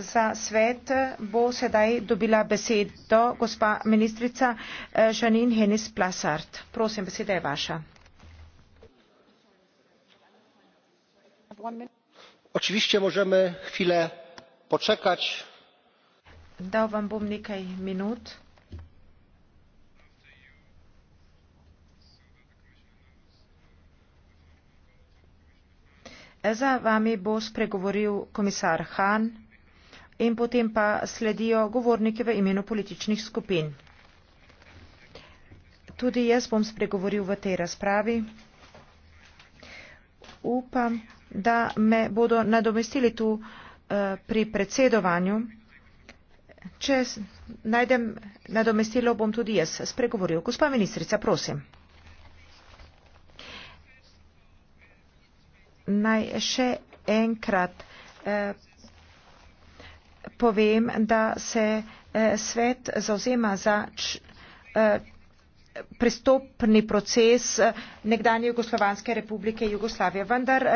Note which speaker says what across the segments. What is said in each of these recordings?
Speaker 1: za svet bo sedaj dobila besedo gospa ministrica Žanin eh, Henis Plasart. Prosim, beseda je vaša.
Speaker 2: Očivišče možeme hvile počekač.
Speaker 1: Dal vam bom nekaj minut. Za vami bo spregovoril komisar Han in potem pa sledijo govorniki v imenu političnih skupin. Tudi jaz bom spregovoril v tej razpravi. Upam, da me bodo nadomestili tu eh, pri predsedovanju. Če najdem nadomestilo, bom tudi jaz spregovoril. Gospa ministrica, prosim. Naj še enkrat eh, povem, da se eh, svet zauzema za č, eh, pristopni proces eh, nekdanje Jugoslovanske republike Jugoslavije. Vendar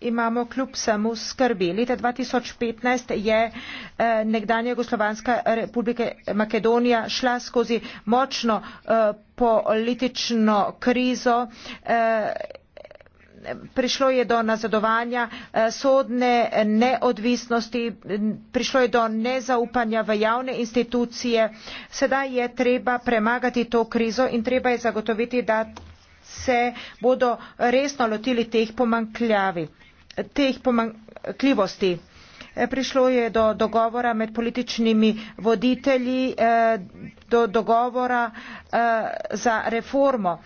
Speaker 1: imamo kljub samo skrbi. Leta 2015 je nekdanja Jugoslovanska republika Makedonija šla skozi močno politično krizo prišlo je do nazadovanja eh, sodne neodvisnosti prišlo je do nezaupanja v javne institucije sedaj je treba premagati to krizo in treba je zagotoviti da se bodo resno lotili teh, teh pomankljivosti eh, prišlo je do dogovora med političnimi voditelji eh, do dogovora za reformo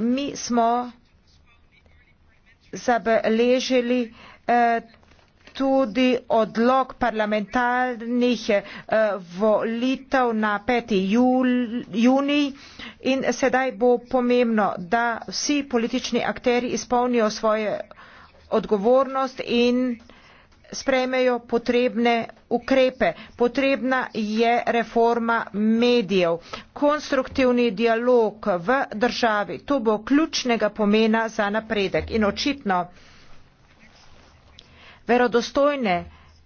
Speaker 1: mi smo zabeležili eh, tudi odlog parlamentarnih eh, volitev na 5. junij in sedaj bo pomembno, da vsi politični akteri izpolnijo svojo odgovornost in sprejmejo potrebne ukrepe. Potrebna je reforma medijev. Konstruktivni dialog v državi, to bo ključnega pomena za napredek. In očitno, verodostojne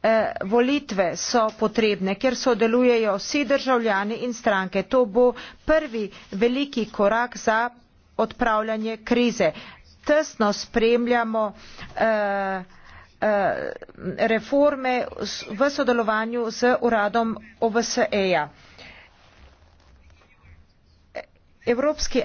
Speaker 1: eh, volitve so potrebne, ker sodelujejo vsi državljani in stranke. To bo prvi veliki korak za odpravljanje krize. Tesno spremljamo eh, Eh, reforme v sodelovanju z uradom OVSE-ja. Evropski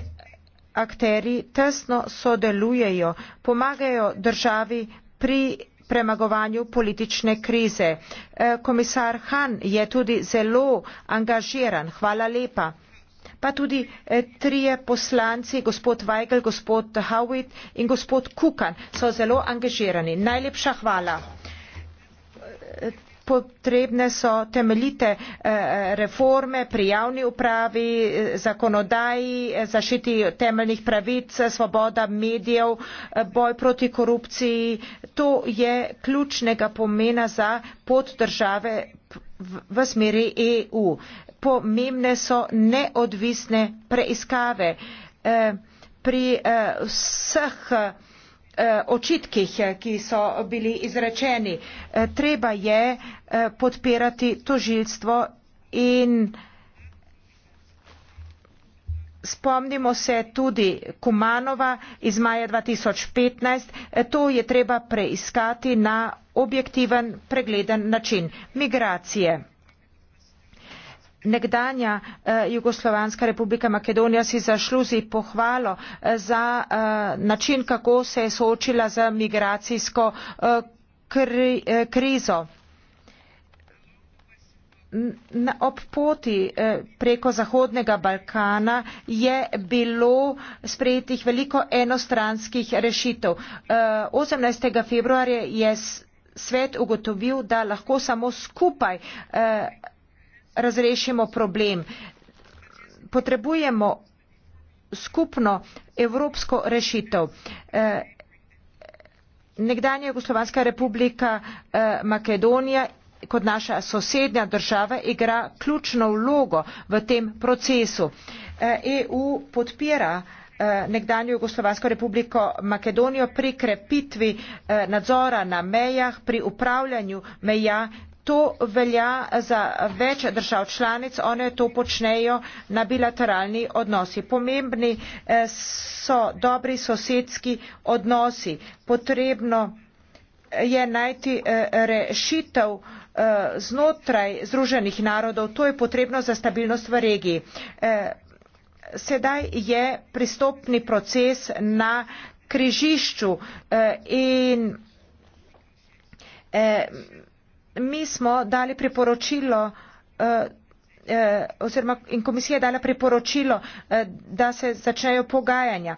Speaker 1: akteri tesno sodelujejo, pomagajo državi pri premagovanju politične krize. Eh, komisar Han je tudi zelo angažiran. Hvala lepa pa tudi eh, trije poslanci, gospod Weigel, gospod Howitt in gospod Kukan so zelo angažirani. Najlepša hvala. Eh, potrebne so temeljite eh, reforme pri javni upravi, zakonodaji, zašiti temeljnih pravic, svoboda medijev, boj proti korupciji. To je ključnega pomena za pot države v smeri EU pomembne so neodvisne preiskave. Eh, pri eh, vseh eh, očitkih, ki so bili izrečeni, treba je podpirati tožilstvo in Spomnimo se tudi Kumanova iz maja 2015, to je treba preiskati na objektiven, pregleden način. Migracije nekdanja eh, jugoslovanska republika makedonija si zasluži pohvalo eh, za eh, način kako se je soočila z migracijsko krizo. Na ob poti preko Zahodnega Balkana je bilo sprejetih veliko enostranskih rešitev. 18. februarja je svet ugotovil, da lahko samo skupaj razrešimo problem. Potrebujemo skupno evropsko rešitev. Eh, nekdanja Jugoslovanska republika eh, Makedonija kot naša sosednja država igra ključno vlogo v tem procesu. EU eh, e podpira nekdanju Jugoslovansko republiko Makedonijo pri krepitvi nadzora na mejah, pri upravljanju meja To velja za več držav članic, one to počnejo na bilateralni odnosi. Pomembni eh, so dobri sosedski odnosi. Potrebno eh, je najti eh, rešitev znotraj Združenih narodov, to je potrebno za stabilnost v regiji. Sedaj je pristopni proces na križišču in mi smo dali priporočilo eh, eh, oziroma in komisija je dala priporočilo, eh, da se začnejo pogajanja.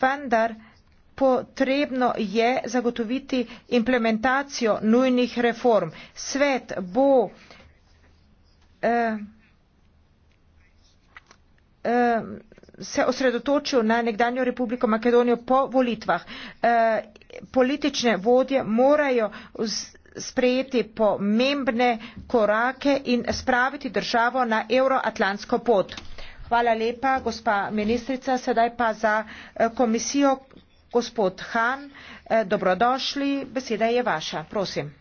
Speaker 1: Vendar potrebno je zagotoviti implementacijo nujnih reform. Svet bo se osredotočil na nekdanjo Republiko Makedonijo po volitvah. Politične vodje morajo sprejeti pomembne korake in spraviti državo na euroatlantsko pot. Hvala lepa, gospa ministrica. Sedaj pa za eh, komisijo gospod Han. Eh, dobrodošli, beseda je vaša. Prosim.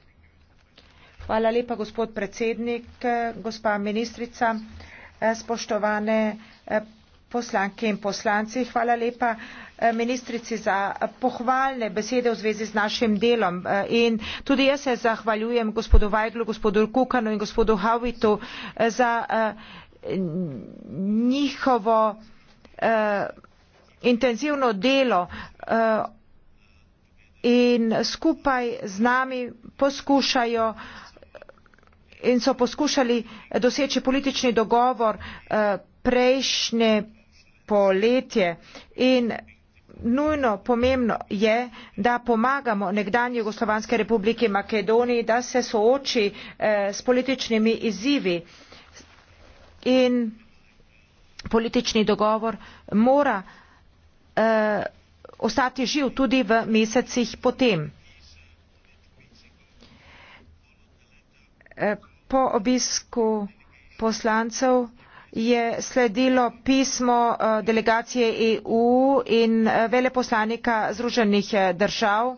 Speaker 1: Hvala lepa, gospod predsednik, eh, gospa ministrica, spoštovane poslanke in poslanci. Hvala lepa. Eh, ministrici za pohvalne besede v zvezi z našim delom eh, in tudi jaz se zahvaljujem gospodu vajglu gospodu kukanu in gospodu howittu eh, za njihovo intenzivno delo in skupaj z nami poskušajo in so poskušali doseči politični dogovor prejšnje poletje in nujno pomembno je da pomagamo nekdanji jugoslovanski republiki makedoniji da se sooči eh, s političnimi izzivi in politični dogovor mora eh, ostati živ tudi v mesecih potem. Eh, po obisku poslancev je sledilo pismo eh, delegacije eu in eh, veleposlanika združenih eh, držav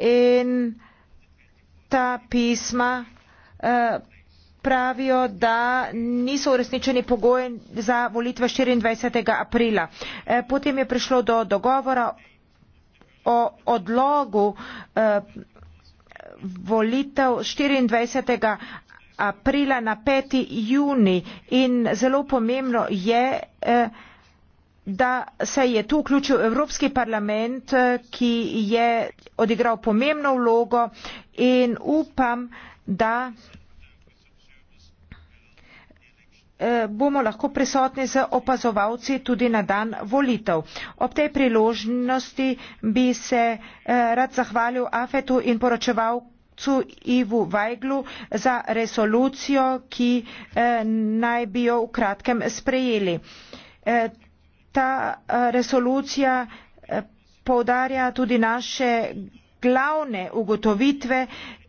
Speaker 1: in ta pisma pravijo, da niso uresničeni pogoji za volitve 24. aprila. Potem je prišlo do dogovora o odlogu volitev 24 aprila na 5. juni in zelo pomembno je, eh, da se je tu vključil Evropski parlament, eh, ki je odigral pomembno vlogo in upam, da eh, bomo lahko prisotni z opazovalci tudi na dan volitev. Ob tej priložnosti bi se rad zahvalil Afetu in poročeval poslancu Ivu Vajglu za resolucijo, ki eh, naj bi jo v kratkem sprejeli. Eh, ta eh, resolucija povdarja tudi naše glavne ugotovitve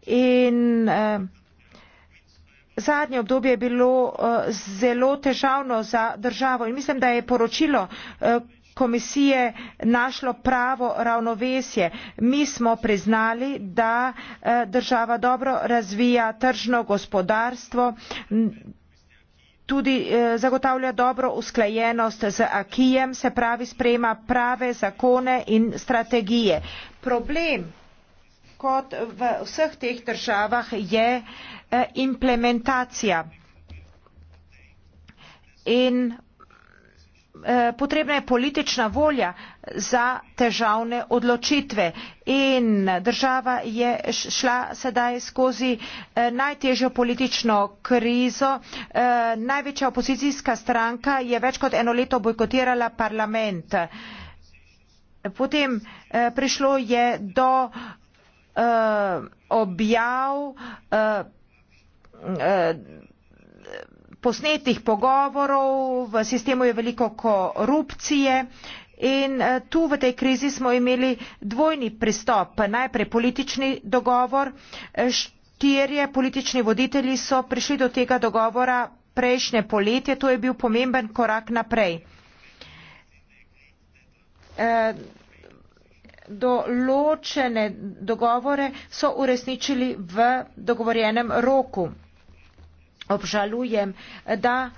Speaker 1: in Zadnje obdobje je bilo zelo težavno za državo in mislim, da je poročilo, komisije našlo pravo ravnovesje. Mi smo priznali, da eh, država dobro razvija tržno gospodarstvo, tudi eh, zagotavlja dobro usklajenost z akijem, se pravi sprejema prave zakone in strategije. Problem kot v vseh teh državah je eh, implementacija. In Eh, potrebna je politična volja za težavne odločitve in država je šla sedaj skozi eh, najtežjo politično krizo. Eh, največja opozicijska stranka je več kot eno leto bojkotirala parlament. potem prišlo je do objav posnetih pogovorov, v sistemu je veliko korupcije. In eh, tu v tej krizi smo imeli dvojni pristop. Najprej politični dogovor, eh, štirje politični voditelji so prišli do tega dogovora prejšnje poletje, to je bil pomemben korak naprej. Eh, določene dogovore so uresničili v dogovorjenem roku obžalujem, da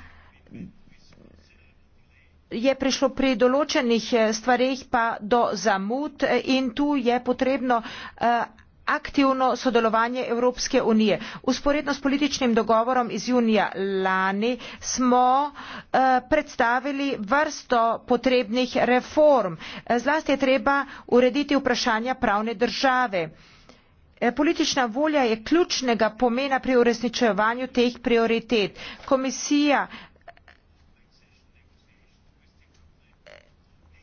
Speaker 1: je prišlo pri določenih eh, stvarih pa do zamud eh, in tu je potrebno eh, aktivno sodelovanje Evropske unije. Usporedno s političnim dogovorom iz junija lani smo predstavili vrsto potrebnih reform. Zlasti je treba urediti vprašanja pravne države. Eh, politična volja je ključnega pomena pri uresničevanju teh prioritet. Komisija eh,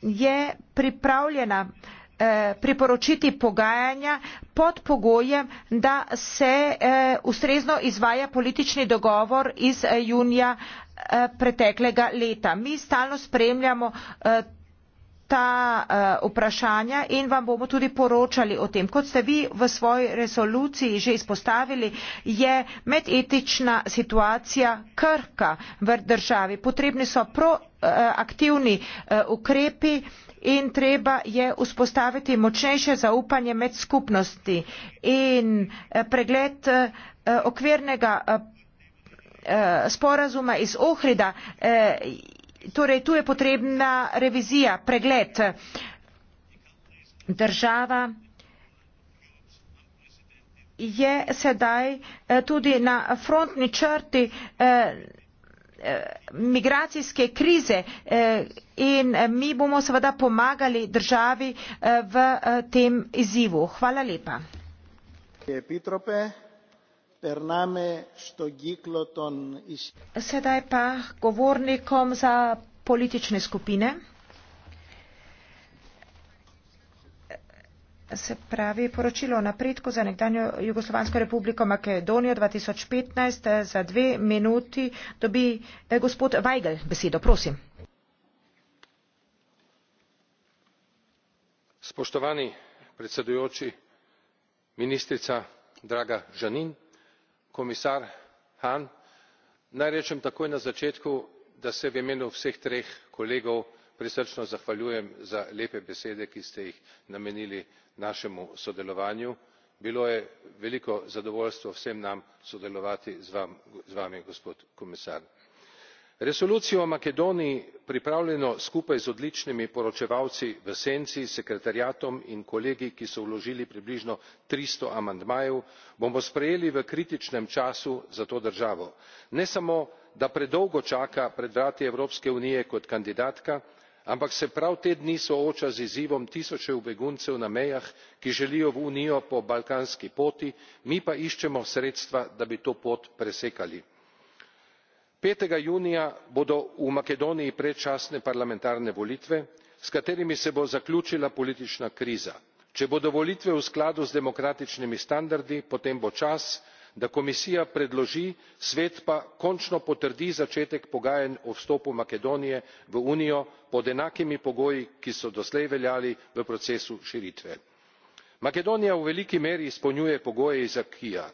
Speaker 1: je pripravljena eh, priporočiti pogajanja pod pogojem, da se ustrezno izvaja politični dogovor iz junija preteklega leta. Mi stalno spremljamo ta eh, vprašanja in vam bomo tudi poročali o tem. Kot ste vi v svoji resoluciji že izpostavili, je medetična situacija krka v državi. Potrebni so proaktivni eh, eh, ukrepi in treba je vzpostaviti močnejše zaupanje med skupnosti in pregled okvirnega sporazuma iz Ohrida torej tu je potrebna revizija, pregled. Država je sedaj eh, tudi na frontni črti eh, eh, migracijske krize in mi bomo seveda pomagali državi v tem izzivu. Hvala lepa. Sedaj pa govornikom za politične skupine. Se pravi, poročilo o napredku za nekdanjo Jugoslovansko republiko Makedonijo 2015 za dve minuti dobi eh, gospod Weigel besedo. Prosim.
Speaker 3: Spoštovani predsedujoči, ministrica, draga Žanin, komisar hahn naj rečem takoj na začetku da se v imenu vseh treh kolegov prisrčno zahvaljujem za lepe besede ki ste jih namenili našemu sodelovanju bilo je veliko zadovoljstvo vsem nam sodelovati z vami gospod komisar resolucijo o makedoniji pripravljeno skupaj z odličnimi poročevalci v senci sekretariatom in kolegi ki so vložili približno tristo amandmajev bomo sprejeli v kritičnem času za to državo ne samo da predolgo čaka pred vrati evropske unije kot kandidatka ampak se prav te dni sooča z izzivom tisočev beguncev na mejah ki želijo v unijo po balkanski poti mi pa iščemo sredstva da bi to pot presekali pet junija bodo v makedoniji predčasne parlamentarne volitve s katerimi se bo zaključila politična kriza. če bodo volitve v skladu z demokratičnimi standardi potem bo čas da komisija predloži svet pa končno potrdi začetek pogajanj o vstopu makedonije v unijo pod enakimi pogoji ki so doslej veljali v procesu širitve. makedonija v veliki meri izpolnjuje pogoje iz acquisa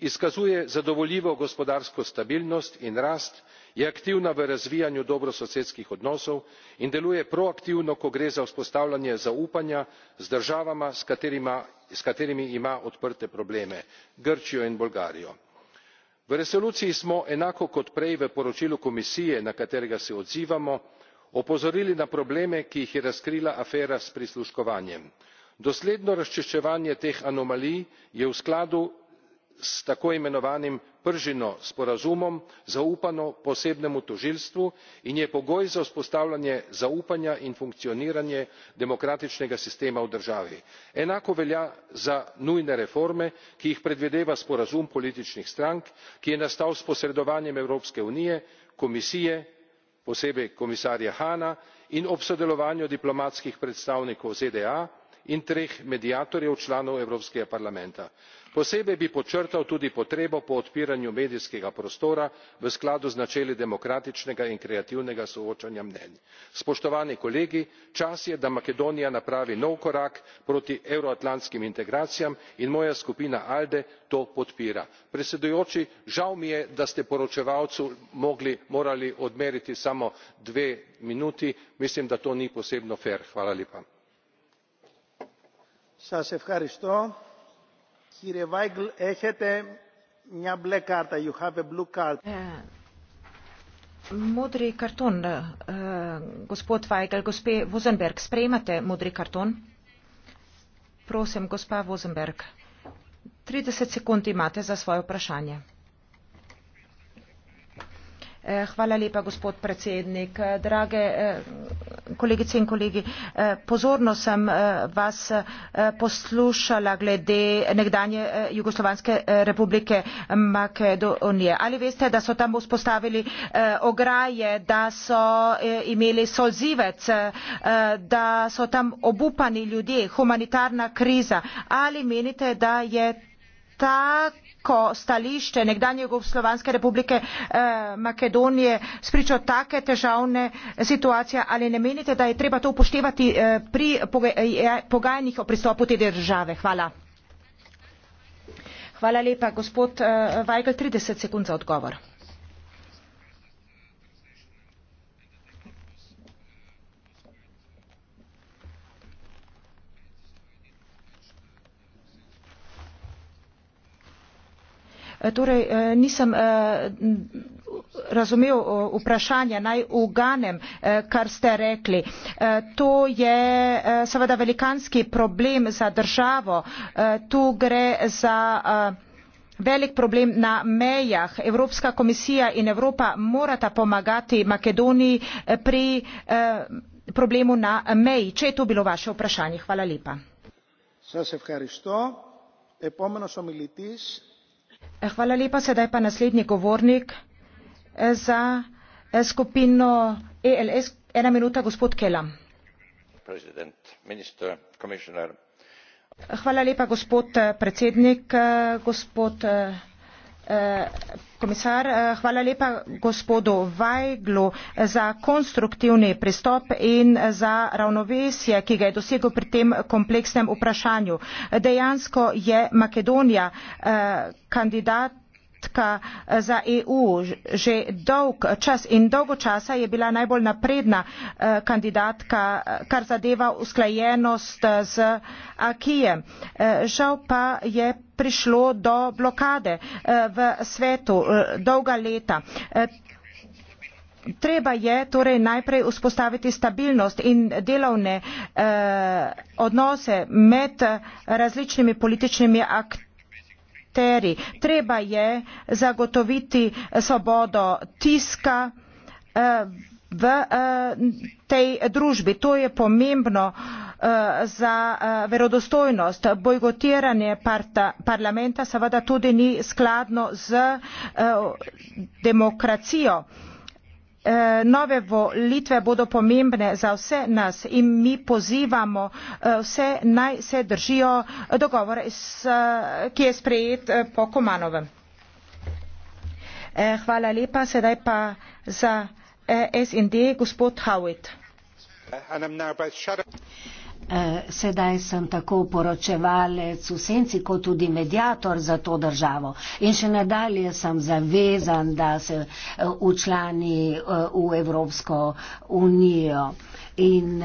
Speaker 3: izkazuje zadovoljivo gospodarsko stabilnost in rast je aktivna v razvijanju dobrososedskih odnosov in deluje proaktivno ko gre za vzpostavljanje zaupanja z državama s katerimi ima odprte probleme grčijo in bolgarijo. v resoluciji smo enako kot prej v poročilu komisije na katerega se odzivamo opozorili na probleme ki jih je razkrila afera s prisluškovanjem. dosledno razčiščevanje teh anomalij je v skladu s tako imenovanim pržino sporazumom zaupano posebnemu tožilstvu in je pogoj za vzpostavljanje zaupanja in funkcioniranje demokratičnega sistema v državi. enako velja za nujne reforme ki jih predvideva sporazum političnih strank ki je nastal s posredovanjem evropske unije komisije posebej komisarja hahna in ob sodelovanju diplomatskih predstavnikov zda in treh mediatorjev članov evropskega parlamenta. posebej bi podčrtal tudi potrebo po odpiranju medijskega prostora v skladu z načeli demokratičnega in kreativnega soočanja mnenj. spoštovani kolegi čas je da makedonija napravi nov korak proti evroatlantskim integracijam in moja skupina alde to podpira. predsedujoči žal mi je da ste poročevalcu mogli morali odmeriti samo dve minuti mislim da to ni posebno fer.
Speaker 2: Σας ευχαριστώ. Κύριε Βάιγκλ, έχετε μια μπλε κάρτα. You have a blue card. Μούτρι
Speaker 1: καρτών, господ Βάιγκλ, господ Βουζενμπερκ, σπρέματε μούτρι καρτών. Просим, госпа Возенберг, 30 секунд имате за свое вопрошание. Eh, hvala lepa, gospod predsednik. Eh, drage eh, kolegice in kolegi, pozorno sem vas poslušala glede nekdanje Jugoslovanske republike Makedonije. Ali veste, da so tam vzpostavili ograje, da so imeli solzivec, da so tam obupani ljudje, humanitarna kriza? Ali menite, da je tako ko stališče nekdanje jugoslovanske republike eh, makedonije spričo take težavne situacije ali ne menite da je treba to upoštevati eh, pri pogajanjih o pristopu te države hvala hvala lepa gospod vajgl eh, trideset sekund za odgovor Torej, eh, nisem eh, razumel vprašanja, naj uganem, eh, kar ste rekli. To je seveda velikanski problem za državo. Tu gre za velik problem na mejah. Evropska komisija in Evropa morata pomagati Makedoniji pri problemu na meji. Če je to bilo vaše vprašanje. Hvala
Speaker 2: lepa. Se vam zahvaljujem. Epomenos omilitis
Speaker 1: Hvala lepa. Sedaj pa naslednji govornik eh, za eh, skupino ELS. Ena minuta, gospod Kela. Hvala lepa, gospod eh, predsednik, gospod komisar, eh, hvala lepa gospodu Vajglu za konstruktivni pristop in za ravnovesje, ki ga je dosegel pri tem kompleksnem vprašanju. Dejansko je Makedonija eh, kandidat skratka eh, za eu že dolg čas in dolgo časa je bila najbolj napredna eh, kandidatka eh, kar zadeva usklajenost z akijem žal pa je prišlo do blokade v svetu dolga leta Treba je torej najprej vzpostaviti stabilnost in delovne eh, odnose med različnimi političnimi akterji akteri treba je zagotoviti svobodo tiska eh, v eh, tej družbi to je pomembno eh, za verodostojnost bojkotiranje parlamenta seveda tudi ni skladno z demokracijo Eh, nove volitve bodo pomembne za vse nas in mi pozivamo eh, vse naj se držijo dogovora, eh, ki je sprejet po Komanovem. Hvala lepa, sedaj pa za SND gospod Howitt. Eh, sedaj
Speaker 4: sem tako poročevalec v senci kot tudi medijator za to državo. In še nadalje sem zavezan, da se eh, učlani eh, v Evropsko unijo. In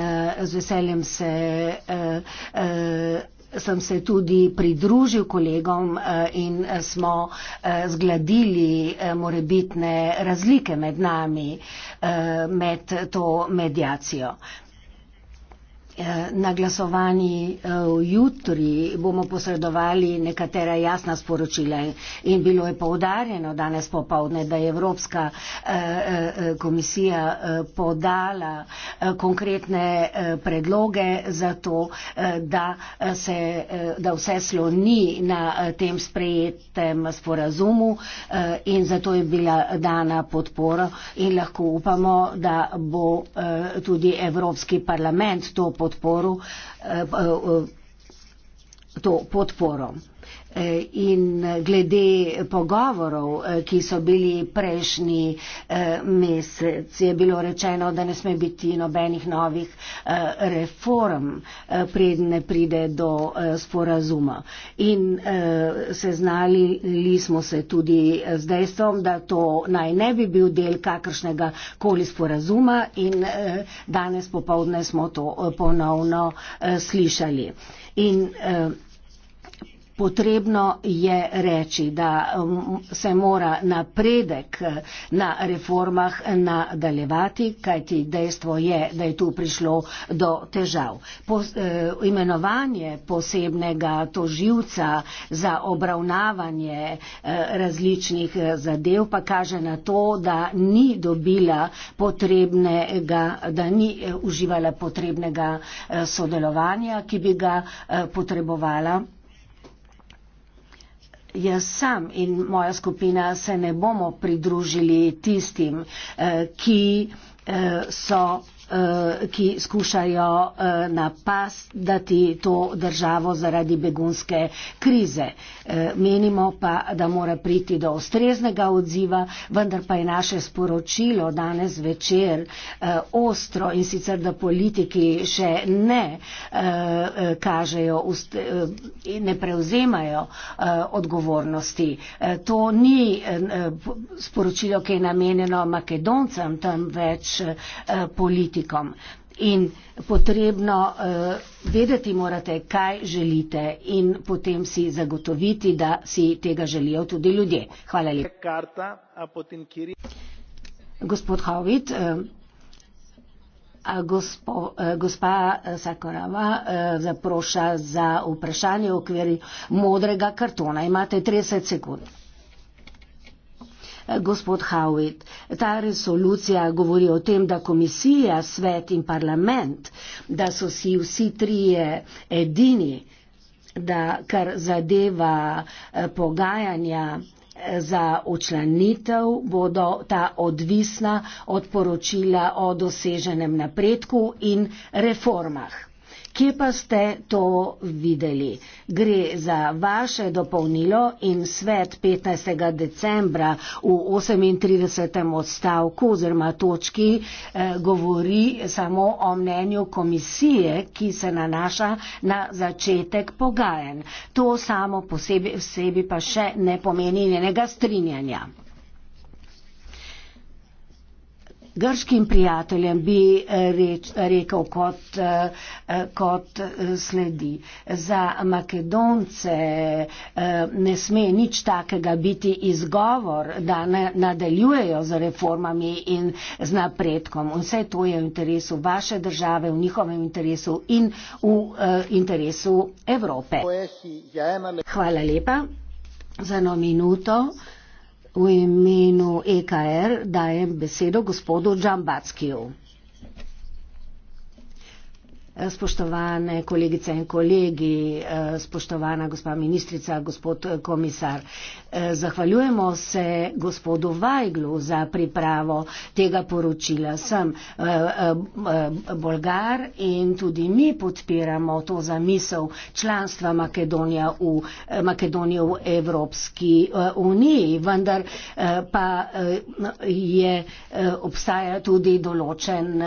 Speaker 4: z veseljem se, sem se tudi pridružil kolegom in smo zgladili morebitne razlike med nami, med to medijacijo. Eh, na glasovanji eh, jutri bomo posredovali nekatera jasna sporočila in bilo je povdarjeno danes popovdne, da je Evropska eh, komisija podala konkretne predloge za to, da, se, da vse sloni na tem sprejetem sporazumu in zato je bila dana podpora in lahko upamo, da bo tudi Evropski parlament to podporil podporu, eh, eh, eh, to podporo in glede pogovorov, eh, ki so bili prejšnji eh, mesec, je bilo rečeno, da ne sme biti nobenih novih eh, reform, predne ne pride do sporazuma. In seznali smo se tudi z dejstvom, da to naj ne bi bil del kakršnega koli sporazuma in danes popovdne smo to ponovno slišali. In, Potrebno je reči, da um, se mora napredek eh, na reformah nadaljevati, kajti dejstvo je, da je tu prišlo do težav. Po, eh, imenovanje posebnega toživca za obravnavanje eh, različnih eh, zadev pa kaže na to, da ni dobila potrebnega, da ni eh, uživala potrebnega eh, sodelovanja, ki bi ga eh, potrebovala. Jaz sam in moja skupina se ne bomo pridružili tistim, eh, ki eh, so Eh, ki skušajo eh, napasti to državo zaradi begunske krize. Eh, menimo pa, da mora priti do ustreznega odziva, vendar pa je naše sporočilo danes večer ostro in sicer, da politiki še ne kažejo in ne prevzemajo odgovornosti. To ni sporočilo, ki je namenjeno Makedoncem, temveč politikom politikom. In potrebno uh, vedeti morate, kaj želite in potem si zagotoviti, da si tega želijo tudi ljudje. Hvala
Speaker 2: lepa.
Speaker 4: Gospod Hovit, uh, gospo, uh, gospa Sakorava uh, zaproša za vprašanje v okviru modrega kartona. Imate 30 sekund. Eh, gospod Howitt, ta resolucija govori o tem, da komisija, svet in parlament, da so si vsi trije edini, da kar zadeva eh, pogajanja eh, za učlanitev, bodo ta odvisna od poročila o doseženem napredku in reformah. Kje pa ste to videli? Gre za vaše dopolnilo in svet 15. decembra v 38. odstavku oziroma točki eh, govori samo o mnenju komisije, ki se nanaša na začetek pogajen. To samo po sebi, sebi pa še ne pomeni njenega strinjanja. grškim prijateljem bi eh, reč, rekel kot, eh, kot eh, sledi. Za Makedonce ne sme nič takega biti izgovor, da ne nadaljujejo z reformami in z napredkom. Vse to je v interesu vaše države, v njihovem interesu in v interesu Evrope. Hvala lepa za eno minuto. V imenu EKR dajem besedo gospodu Džambackiju spoštovane kolegice in kolegi, spoštovana gospa ministrica, gospod komisar. Zahvaljujemo se gospodu Vajglu za pripravo tega poročila. Sem eh, eh, bolgar in tudi mi podpiramo to zamisel članstva Makedonije v, Makedonije v Evropski eh, uniji, vendar pa je, obstaja tudi določen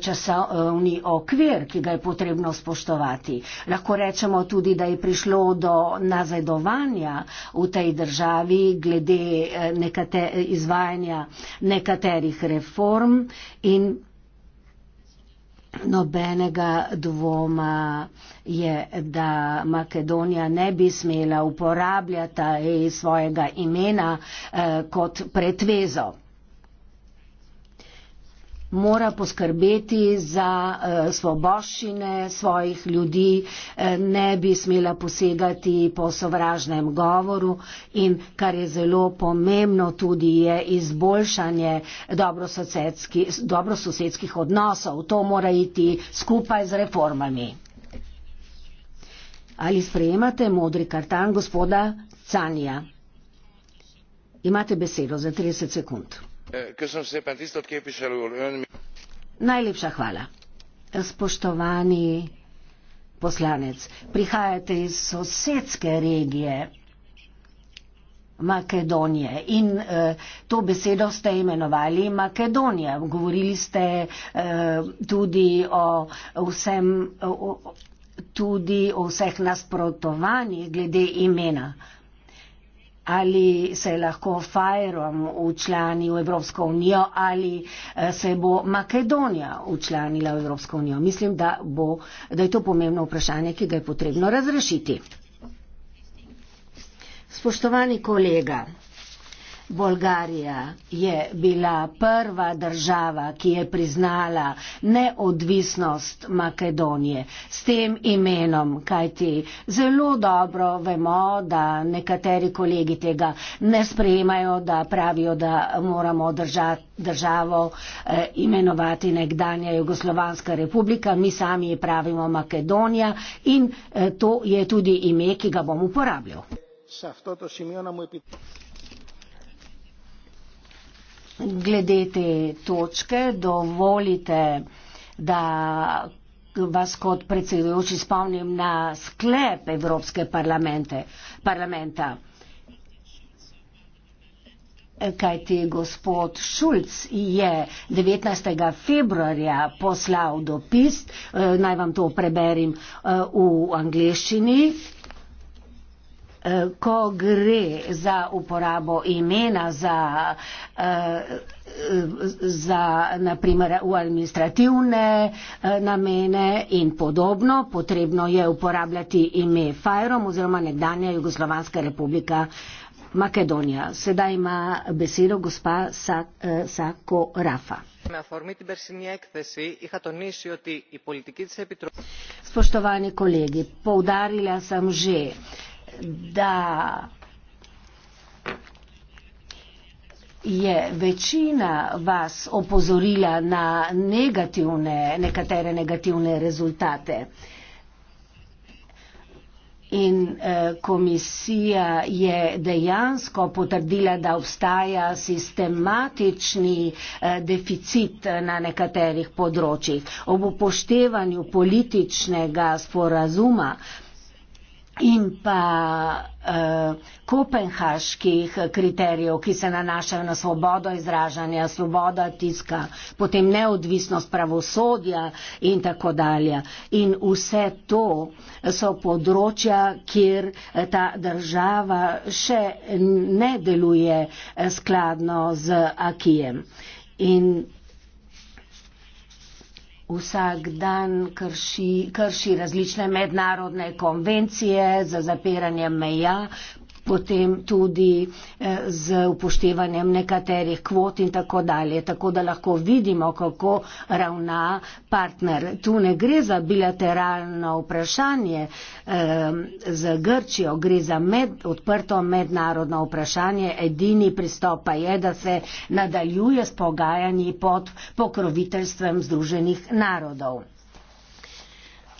Speaker 4: časovni okvir, ki ga je potrebno spoštovati. Lahko rečemo tudi, da je prišlo do nazadovanja v tej državi glede eh, nekate, izvajanja nekaterih reform in nobenega dvoma je, da Makedonija ne bi smela uporabljati eh, svojega imena eh, kot pretvezo mora poskrbeti za eh, svoboščine svojih ljudi, eh, ne bi smela posegati po sovražnem govoru in kar je zelo pomembno tudi je izboljšanje dobrososedskih odnosov. To mora iti skupaj z reformami. Ali sprejemate modri kartan gospoda Canja? Imate besedo za 30 sekund. Najlepša hvala. Spoštovani poslanec, prihajate iz sosedske regije Makedonije in eh, to besedo ste imenovali Makedonija. Govorili ste eh, tudi o vsem. O, tudi o vseh nasprotovanjih glede imena ali se lahko Fajrom učlani v Evropsko unijo ali eh, se bo Makedonija učlanila v Evropsko unijo. Mislim, da, bo, da je to pomembno vprašanje, ki ga je potrebno razrešiti. Spoštovani kolega, Bolgarija je bila prva država, ki je priznala neodvisnost Makedonije s tem imenom, kajti zelo dobro vemo, da nekateri kolegi tega ne sprejemajo, da pravijo, da moramo državo eh, imenovati nekdanja Jugoslovanska republika, mi sami pravimo Makedonija in eh, to je tudi ime, ki ga bom uporabljal glede te točke. Dovolite, da vas kot predsedujoči spomnim na sklep Evropske parlamenta. Kaj ti gospod Šulc je 19. februarja poslal dopis, eh, naj vam to preberim eh, v angliščini. Eh, ko gre za uporabo imena, za, eh, za naprimer v administrativne eh, namene in podobno, potrebno je uporabljati ime Fajrom oziroma nekdanja Jugoslovanska republika Makedonija. Sedaj ima besedo gospa Sako Rafa. Spoštovani kolegi, poudarila sem že, da je večina vas opozorila na negativne, nekatere negativne rezultate. In eh, komisija je dejansko potrdila, da obstaja sistematični eh, deficit eh, na nekaterih področjih. Ob upoštevanju političnega sporazuma in pa uh, kopenhaških kriterijev, ki se nanašajo na svobodo izražanja, svoboda tiska, potem neodvisnost pravosodja in tako dalje. In vse to so področja, kjer eh, ta država še ne deluje eh, skladno z akijem. In vsak dan krši, krši različne mednarodne konvencije za zapiranje meja, potem tudi eh, z upoštevanjem nekaterih kvot in tako dalje, tako da lahko vidimo, kako ravna partner. Tu ne gre za bilateralno vprašanje ehm, z Grčijo, gre za med, odprto mednarodno vprašanje. Edini pristop pa je, da se nadaljuje s pogajanji pod pokroviteljstvom Združenih narodov.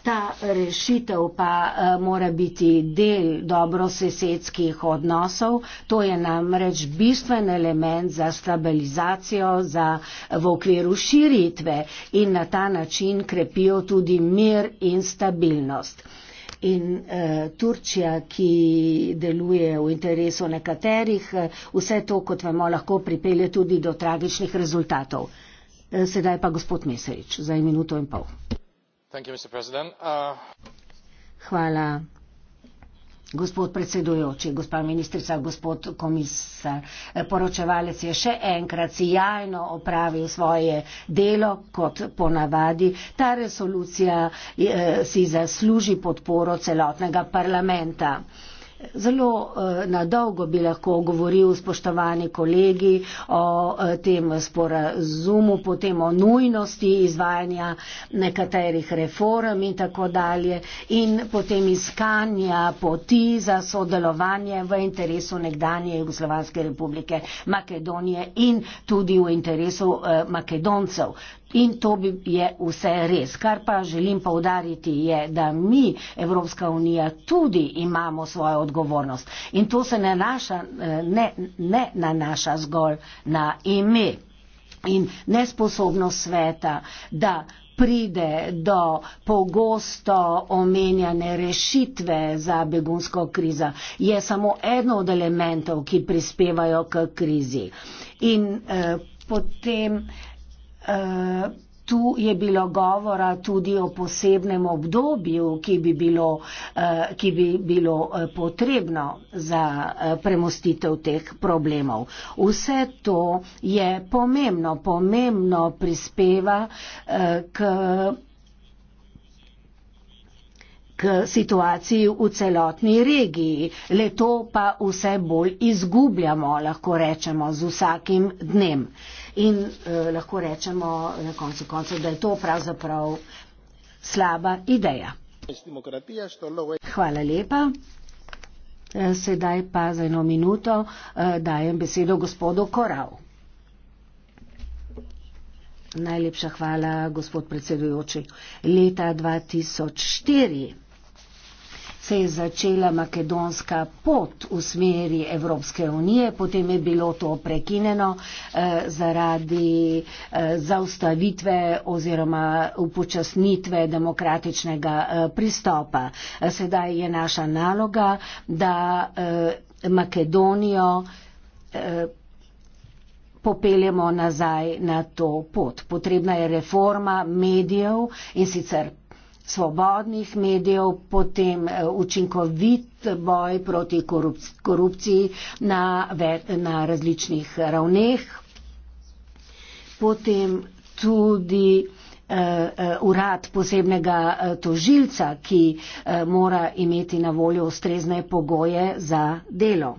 Speaker 4: Ta rešitev pa eh, mora biti del dobrosesedskih odnosov, to je namreč bistven element za stabilizacijo za v okviru širitve in na ta način krepijo tudi mir in stabilnost. In eh, Turčija, ki deluje v interesu nekaterih, eh, vse to, kot vemo, lahko pripelje tudi do tragičnih rezultatov. Eh, sedaj pa gospod Meserič, za minuto in pol. Uh, Hvala. Gospod predsedujoči, gospa ministrica, gospod komisar, poročevalec je še enkrat sjajno opravil svoje delo, kot ponavadi. Ta resolucija eh, si zasluži podporo celotnega parlamenta. Eh, Zelo eh, na dolgo bi lahko govoril, spoštovani kolegi, o eh, tem sporazumu, potem o nujnosti izvajanja nekaterih reform in tako dalje in potem iskanja poti za sodelovanje v interesu nekdanje Jugoslovanske republike Makedonije in tudi v interesu eh, Makedoncev. In to bi je vse res. Kar pa želim povdariti je, da mi, Evropska unija, tudi imamo svojo odgovornost. In to se ne, naša, ne, ne nanaša zgolj na ime in nesposobnost sveta, da pride do pogosto omenjane rešitve za begunsko krizo, je samo eno od elementov, ki prispevajo k krizi. In eh, potem eh, Eh, tu je bilo govora tudi o posebnem obdobju, ki bi bilo, eh, ki bi bilo eh, potrebno za premostitev teh problemov. Vse to je pomembno, pomembno prispeva k, k situaciji v celotni regiji. Le to pa vse bolj izgubljamo, lahko rečemo, z vsakim dnem in eh, lahko rečemo na koncu koncev, da je to pravzaprav slaba ideja. Hvala lepa. Eh, sedaj pa za eno minuto eh, dajem besedo gospodu Korav. Najlepša hvala, gospod predsedujoči. Leta 2004 se je začela makedonska pot v smeri Evropske unije, potem je bilo to prekineno eh, zaradi eh, zaustavitve oziroma upočasnitve demokratičnega eh, pristopa. Eh, sedaj je naša naloga, da eh, Makedonijo eh, popeljemo nazaj na to pot. Potrebna je reforma medijev in sicer svobodnih medijev, potem eh, učinkovit boj proti korupciji na, na različnih ravneh, potem tudi eh, eh, urad posebnega tožilca, ki mora imeti na voljo ustrezne pogoje za delo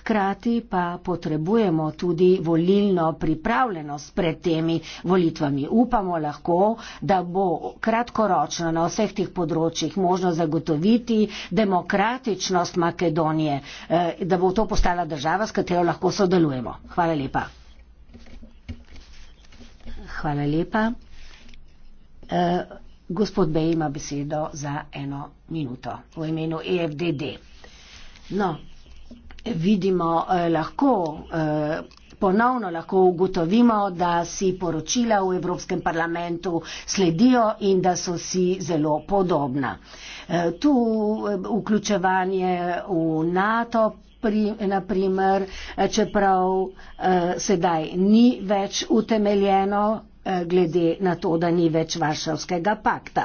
Speaker 4: hkrati pa potrebujemo tudi volilno pripravljenost pred temi volitvami. Upamo lahko, da bo kratkoročno na vseh tih področjih možno zagotoviti demokratičnost Makedonije, eh, da bo to postala država, s katero lahko sodelujemo. Hvala lepa. Hvala lepa. Eh, gospod Bej ima besedo za eno minuto v imenu EFDD. No, vidimo eh, lahko. Eh, Ponovno lahko ugotovimo, da si poročila v Evropskem parlamentu sledijo in da so si zelo podobna. Eh, tu eh, vključevanje v NATO, naprimer, eh, čeprav sedaj ni več utemeljeno, Eh, glede na to, da ni več Varšavskega pakta.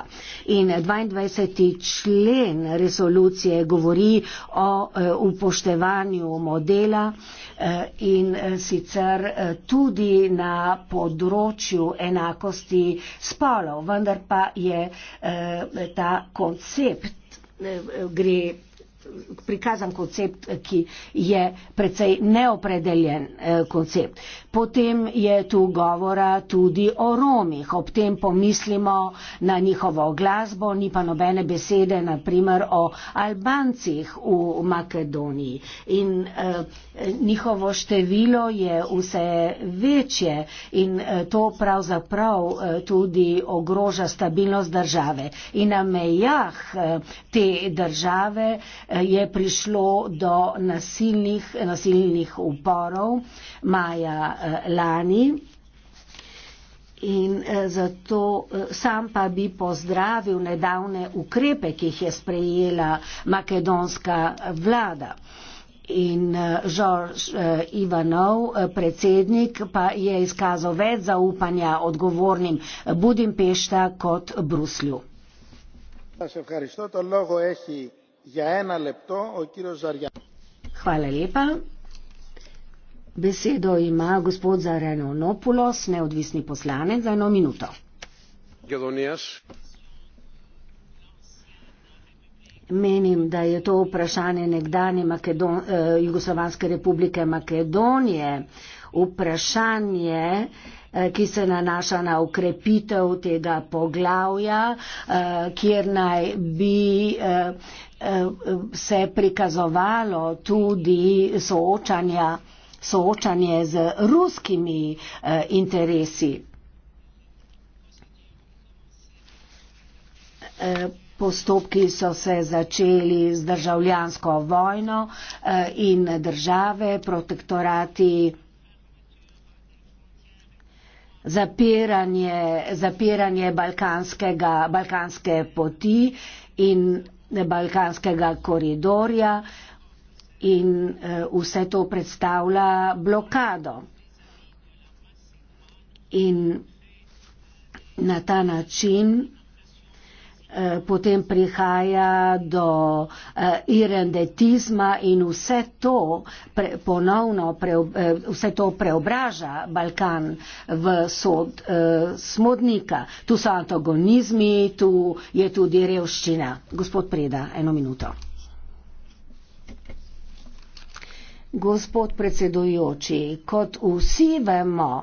Speaker 4: In 22. člen resolucije govori o eh, upoštevanju modela eh, in sicer tudi na področju enakosti spolov, vendar pa je ta koncept gre prikazan koncept, eh, ki je precej neopredeljen eh, koncept. Potem je tu govora tudi o Romih, ob tem pomislimo na njihovo glasbo, ni pa nobene besede, naprimer o Albancih v Makedoniji. In eh, njihovo število je vse večje in eh, to pravzaprav eh, tudi ogroža stabilnost države. In na mejah eh, te države eh, je prišlo do nasilnih, nasilnih uporov maja eh, lani. In eh, zato eh, sam pa bi pozdravil nedavne ukrepe, ki jih je sprejela makedonska vlada. In Žorž Ivanov, predsednik, pa je izkazal več zaupanja odgovornim Budimpešta kot Bruslju. Hvala lepa. Besedo ima gospod Zareno Nopulos, neodvisni poslanec, za eno minuto. Menim, da je to vprašanje nekdanje Makedon, eh, Jugoslovanske republike Makedonije, vprašanje, eh, ki se nanaša na ukrepitev tega poglavja, eh, kjer naj bi eh, se prikazovalo tudi soočanja, soočanje z ruskimi eh, interesi. Eh, postopki so se začeli z državljansko vojno eh, in države, protektorati, zapiranje, zapiranje balkanske poti in Balkanskega koridorja in eh, vse to predstavlja blokado. In na ta način Eh, potem prihaja do eh, irendetizma in vse to pre, ponovno, pre, eh, vse to preobraža Balkan v sod smodnika. Tu so antagonizmi, tu je tudi revščina. Gospod Preda, eno minuto. Gospod predsedujoči, kot vsi vemo,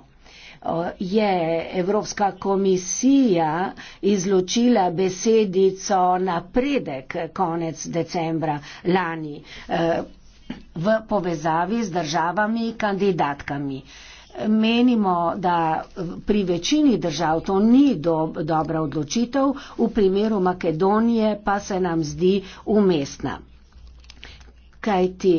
Speaker 4: je Evropska komisija izločila besedico napredek konec decembra lani e, v povezavi z državami kandidatkami. Menimo, da pri večini držav to ni do, dobra odločitev, v primeru Makedonije pa se nam zdi umestna. Kajti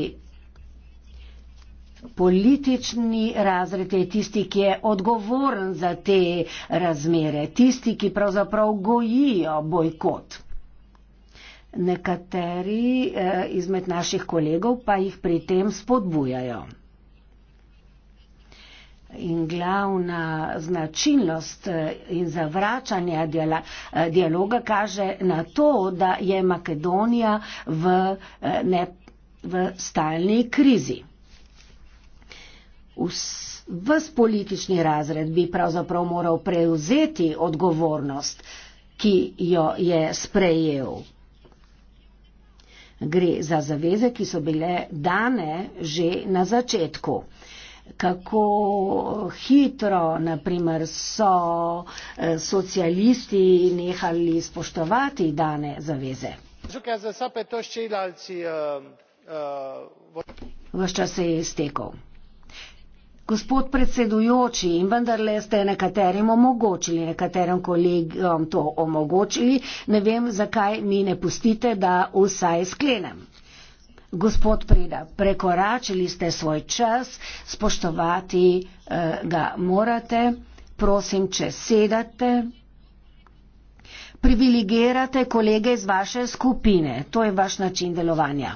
Speaker 4: politični razred je tisti, ki je odgovoren za te razmere, tisti, ki pravzaprav gojijo bojkot. Nekateri eh, izmed naših kolegov pa jih pri tem spodbujajo. In glavna značilnost eh, in zavračanje eh, dialoga kaže na to, da je Makedonija v, eh, ne, v stalni krizi vs politični razred bi pravzaprav moral prevzeti odgovornost, ki jo je sprejel. Gre za zaveze, ki so bile dane že na začetku. Kako hitro, naprimer, so eh, socialisti nehali spoštovati dane zaveze. Vaš čas se je iztekel. Gospod predsedujoči, in vendarle ste nekaterim omogočili, nekaterim kolegom to omogočili, ne vem, zakaj mi ne pustite, da vsaj sklenem. Gospod Preda, prekoračili ste svoj čas, spoštovati eh, ga morate, prosim, če sedate. Privilegirate kolege iz vaše skupine, to je vaš način delovanja.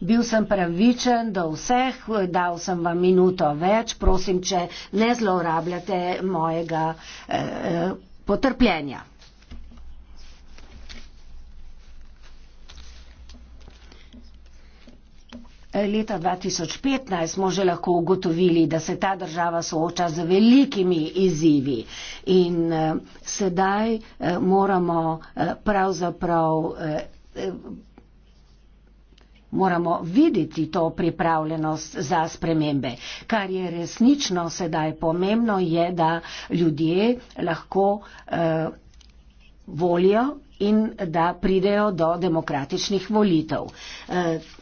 Speaker 4: Bil sem pravičen do vseh, dal sem vam minuto več, prosim, če ne zlorabljate mojega eh, potrpljenja. Leta 2015 smo že lahko ugotovili, da se ta država sooča z velikimi izzivi in eh, sedaj eh, moramo eh, pravzaprav. Eh, moramo videti to pripravljenost za spremembe. Kar je resnično sedaj pomembno, je, da ljudje lahko uh, volijo in da pridejo do demokratičnih volitev. Uh,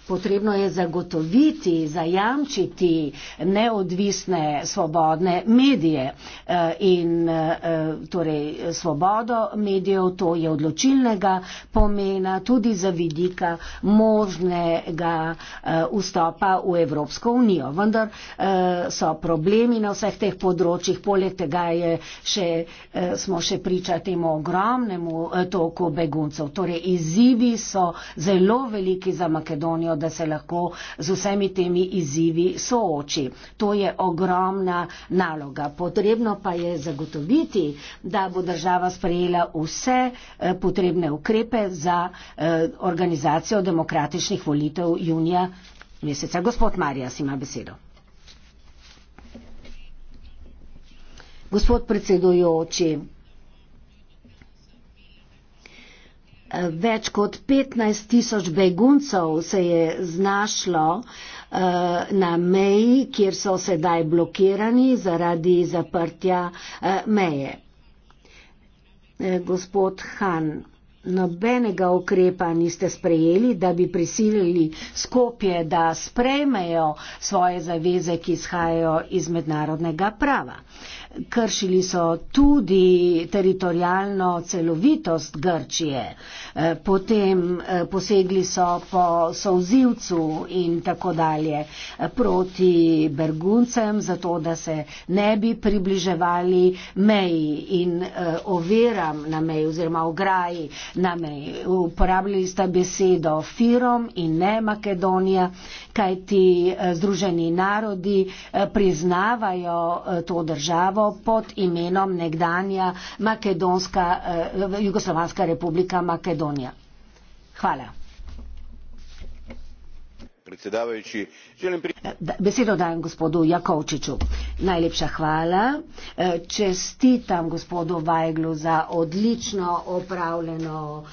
Speaker 4: potrebno je zagotoviti, zajamčiti neodvisne, svobodne medije e, in e, torej svobodo medijev, to je odločilnega pomena tudi za vidika možnega e, vstopa v Evropsko unijo. Vendar so problemi na vseh teh področjih, poleg tega je še, smo še priča temu ogromnemu toku beguncev. Torej izzivi so zelo veliki za Makedonijo, da se lahko z vsemi temi izzivi sooči. To je ogromna naloga. Potrebno pa je zagotoviti, da bo država sprejela vse eh, potrebne ukrepe za eh, organizacijo demokratičnih volitev junija meseca. Gospod Marjas ima besedo. Gospod predsedujoči, Več kot 15 tisoč beguncev se je znašlo eh, na meji, kjer so sedaj blokirani zaradi zaprtja eh, meje. Eh, gospod Han, nobenega ukrepa niste sprejeli, da bi prisilili skopje, da sprejmejo svoje zaveze, ki izhajajo iz mednarodnega prava kršili so tudi teritorijalno celovitost Grčije, eh, potem eh, posegli so po sovzivcu in tako dalje eh, proti Berguncem, zato da se ne bi približevali meji in oviram na meji oziroma ograji na meji. Uporabljali sta besedo Firom in ne Makedonija kajti eh, Združeni narodi eh, priznavajo eh, to državo pod imenom nekdanja Makedonska, Jugoslovanska republika Makedonija. Hvala.
Speaker 5: Predsedavajući, želim pri...
Speaker 4: Besedo dajem gospodu Jakovčiću. Najlepša hvala. Čestitam gospodu Vajglu za odlično opravljeno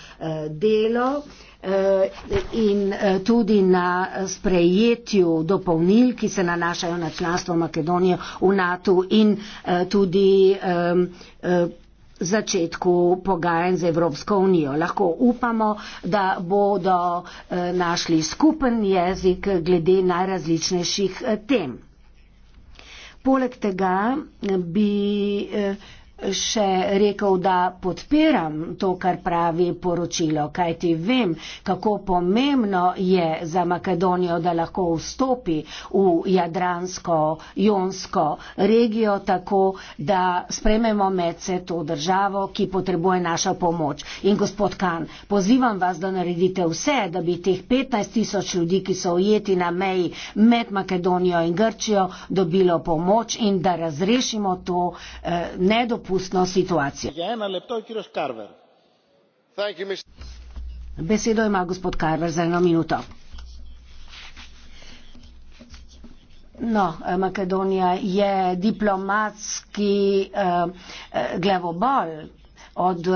Speaker 4: delo in eh, tudi na sprejetju dopolnil, ki se nanašajo na članstvo Makedonije v NATO in eh, tudi eh, začetku pogajanj z Evropsko unijo. Lahko upamo, da bodo našli skupen jezik glede najrazličnejših tem. Poleg tega bi eh, še rekel, da podpiram to, kar pravi poročilo, kajti vem, kako pomembno je za Makedonijo, da lahko vstopi v Jadransko-Jonsko regijo, tako da sprememo med se to državo, ki potrebuje našo pomoč. In gospod Kan, pozivam vas, da naredite vse, da bi teh 15 tisoč ljudi, ki so ujeti na meji med Makedonijo in Grčijo, dobilo pomoč in da razrešimo to eh, nedopustno nedopustno situacijo. Besedo ima gospod Karver za eno minuto. No, eh, Makedonija je diplomatski eh, eh glavobol od eh,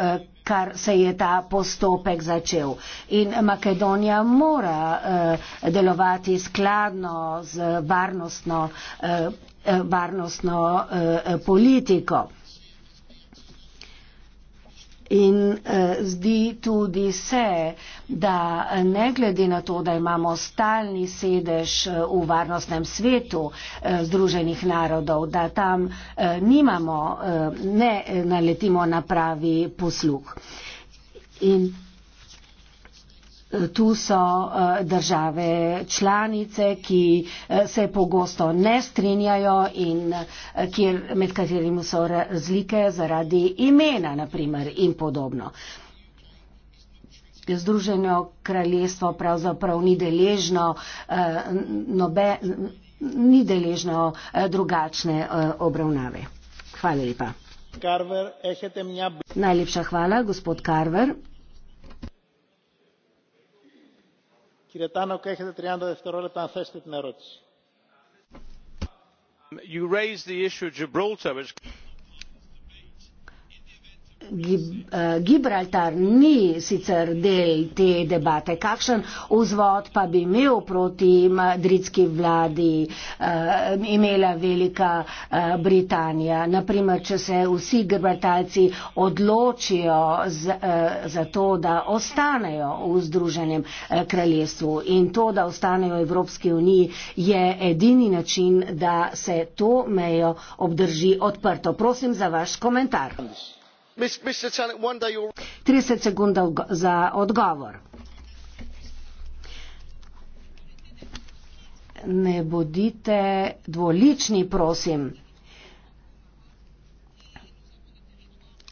Speaker 4: eh, kar se je ta postopek začel. In Makedonija mora eh, delovati skladno z varnostno eh, varnostno eh, politiko. In eh, zdi tudi se, da ne glede na to, da imamo stalni sedež eh, v varnostnem svetu Združenih narodov, da tam nimamo, ne naletimo na pravi posluh. In Tu so e, države članice, ki e, se pogosto ne strinjajo in e, kjer, med katerimi so razlike zaradi imena naprimer, in podobno. Združeno kraljestvo pravzaprav ni deležno, nobe, ni deležno drugačne obravnave. Hvala lepa. Carver, Najlepša hvala, gospod Karver.
Speaker 2: κύριε Τάνοκ, έχετε 30 δευτερόλεπτα να θέσετε την ερώτηση.
Speaker 5: You raise the issue of Gibraltar, which...
Speaker 4: Eh, Gibraltar ni sicer del te debate. Kakšen vzvod pa bi imel proti madridski vladi eh, imela Velika eh, Britanija? Naprimer, če se vsi Gibraltarci odločijo za, za to, da ostanejo v Združenem kraljestvu in to, da ostanejo v Evropski uniji, je edini način, da se to mejo obdrži odprto. Prosim za vaš komentar. Thanks.
Speaker 2: 30
Speaker 4: sekund za odgovor. Ne bodite dvolični, prosim.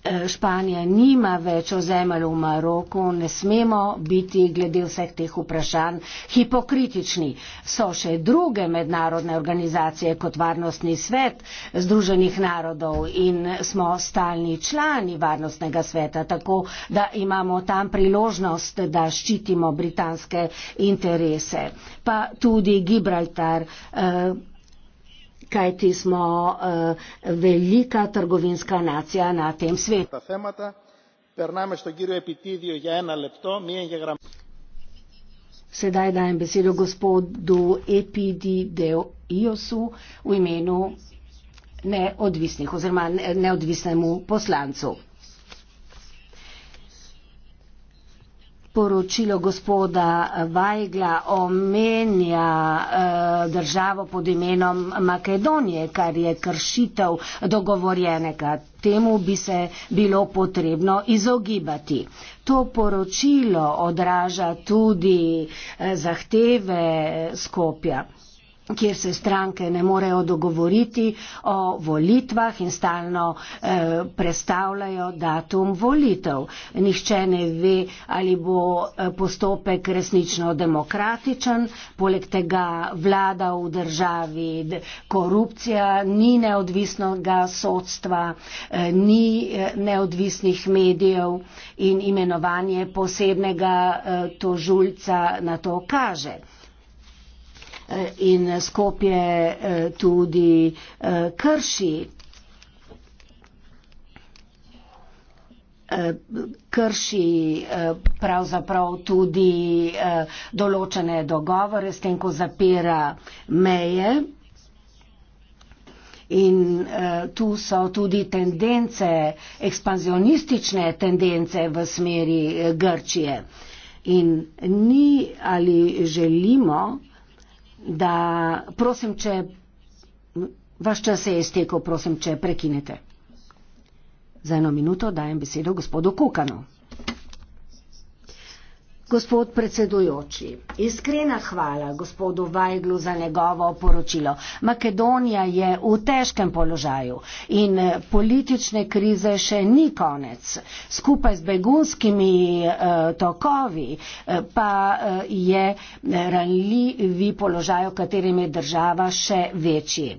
Speaker 4: E, Španija nima več ozemelj v Maroku, ne smemo biti glede vseh teh vprašanj hipokritični. So še druge mednarodne organizacije kot Varnostni svet Združenih narodov in smo stalni člani Varnostnega sveta, tako da imamo tam priložnost, da ščitimo britanske interese. Pa tudi Gibraltar. Eh, kajti smo uh, velika trgovinska nacija na tem svetu. Sedaj dajem besedo gospodu EPD del IOSU v imenu neodvisnih oziroma neodvisnemu poslancu. poročilo gospoda Vajgla omenja eh, državo pod imenom Makedonije, kar je kršitev dogovorjenega. Temu bi se bilo potrebno izogibati. To poročilo odraža tudi eh, zahteve Skopja kjer se stranke ne morejo dogovoriti o volitvah in stalno e, eh, predstavljajo datum volitev. Nihče ne ve, ali bo eh, postopek resnično demokratičen, poleg tega vlada v državi korupcija, ni neodvisnega sodstva, e, ni neodvisnih medijev in imenovanje posebnega e, tožulca na to kaže. Eh, in Skopje eh, tudi eh, krši. krši pravzaprav tudi določene dogovore s tem, ko zapira meje. In tu so tudi tendence, ekspanzionistične tendence v smeri Grčije. In ni ali želimo da prosim, če vaš čas se je iztekel, prosim, če prekinete. Za eno minuto dajem besedo gospodu Kukanu. Gospod predsedujoči, iskrena hvala gospodu Vajglu za njegovo poročilo. Makedonija je v težkem položaju in eh, politične krize še ni konec. Skupaj z begunskimi eh, tokovi eh, pa eh, je eh, ranljivi položaj, v katerem je država še večji.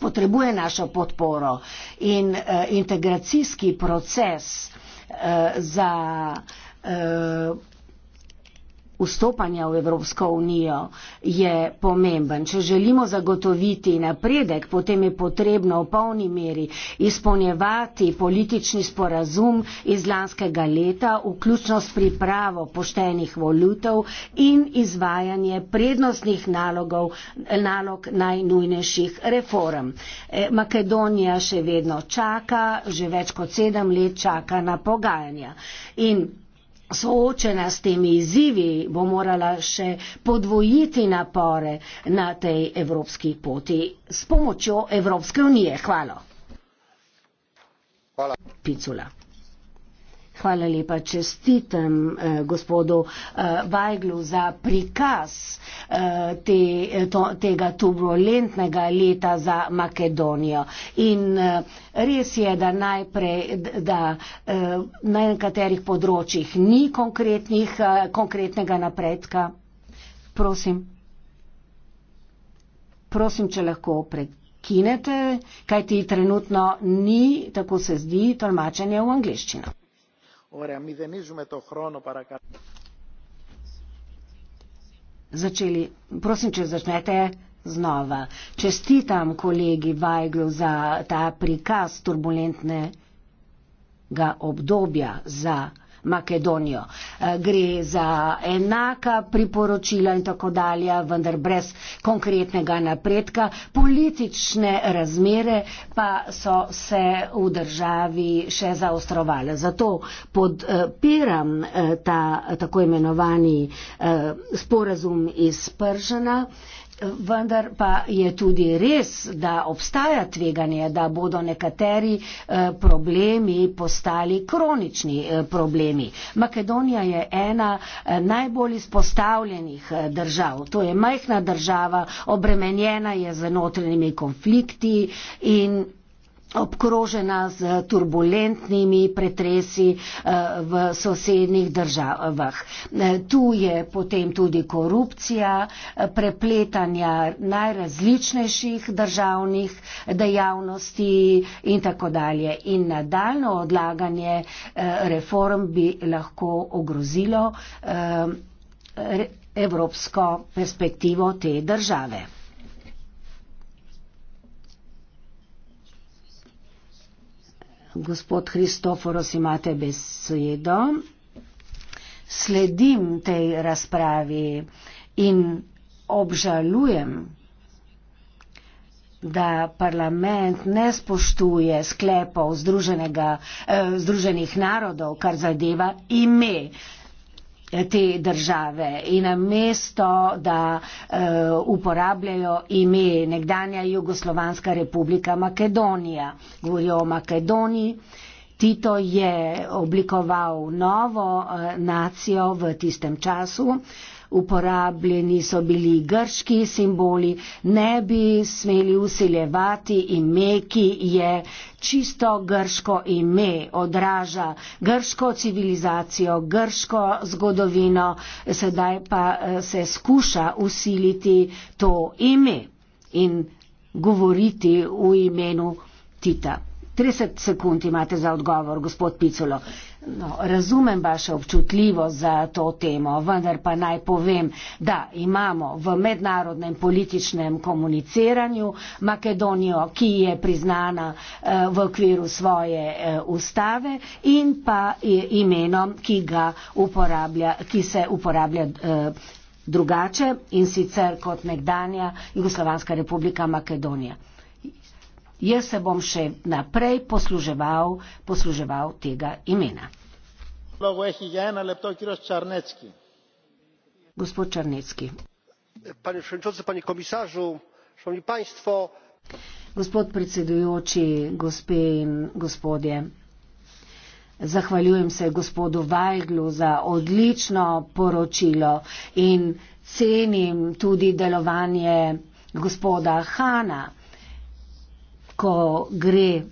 Speaker 4: Potrebuje našo podporo in eh, integracijski proces eh, za. Eh, vstopanja v Evropsko unijo je pomemben. Če želimo zagotoviti napredek, potem je potrebno v polni meri izpolnjevati politični sporazum iz lanskega leta, vključno s pripravo poštenih volitev in izvajanje prednostnih nalogov, nalog najnujnejših reform. E, Makedonija še vedno čaka, že več kot sedem let čaka na pogajanja. In soočena s temi izzivi, bo morala še podvojiti napore na tej evropski poti s pomočjo Evropske unije. Hvala. Hvala. Picula. Hvala lepa, čestitem eh, gospodu eh, Vajglu za prikaz eh, te, eh, to, tega turbulentnega leta za Makedonijo. In eh, res je, da najprej, da eh, na nekaterih področjih ni eh, konkretnega napredka. Prosim. Prosim, če lahko prekinete, kajti trenutno ni, tako se zdi, tolmačenje v angliščino.
Speaker 2: Začeli.
Speaker 4: Prosim, če začnete znova. Čestitam kolegi Vajglu za ta prikaz turbulentnega obdobja za. Makedonijo. Eh, gre za enaka priporočila in tako dalje, vendar brez konkretnega napredka. Politične razmere pa so se v državi še zaostrovale. Zato podpiram eh, ta tako imenovani eh, sporazum iz Pržena, Vendar pa je tudi res, da obstaja tveganje, da bodo nekateri eh, problemi postali kronični eh, problemi. Makedonija je ena eh, najbolj izpostavljenih držav. To je majhna država, obremenjena je z notranjimi konflikti in obkrožena z turbulentnimi pretresi eh, v sosednjih državah. Eh, tu je potem tudi korupcija, eh, prepletanja najrazličnejših državnih dejavnosti in tako dalje. In nadaljno odlaganje reform bi lahko ogrozilo evropsko perspektivo te države. Gospod Kristoforos, imate besedo. Sledim tej razpravi in obžalujem, da parlament ne spoštuje sklepov eh, Združenih narodov, kar zadeva ime te države in namesto, da uh, uporabljajo ime nekdanja Jugoslovanska republika Makedonija, govorijo o Makedoniji, Tito je oblikoval novo uh, nacijo v tistem času, uh, uporabljeni so bili grški simboli, ne bi smeli usiljevati ime, ki je čisto grško ime, odraža grško civilizacijo, grško zgodovino, sedaj pa eh, se skuša usiliti to ime in govoriti v imenu Tita. 30 sekund imate za odgovor, gospod Piculo. No, razumem vašo občutljivost za to temo, vendar pa naj povem, da imamo v mednarodnem političnem komuniciranju Makedonijo, ki je priznana eh, v okviru svoje eh, ustave in pa eh, imenom, ki, ki se uporablja eh, drugače in sicer kot nekdanja Jugoslavanska republika Makedonija jaz se bom še naprej posluževal, posluževal tega imena. Gospod Črnecki. Gospod predsedujoči, gospe in gospodje, zahvaljujem se gospodu Vajglu za odlično poročilo in cenim tudi delovanje gospoda Hana ko gre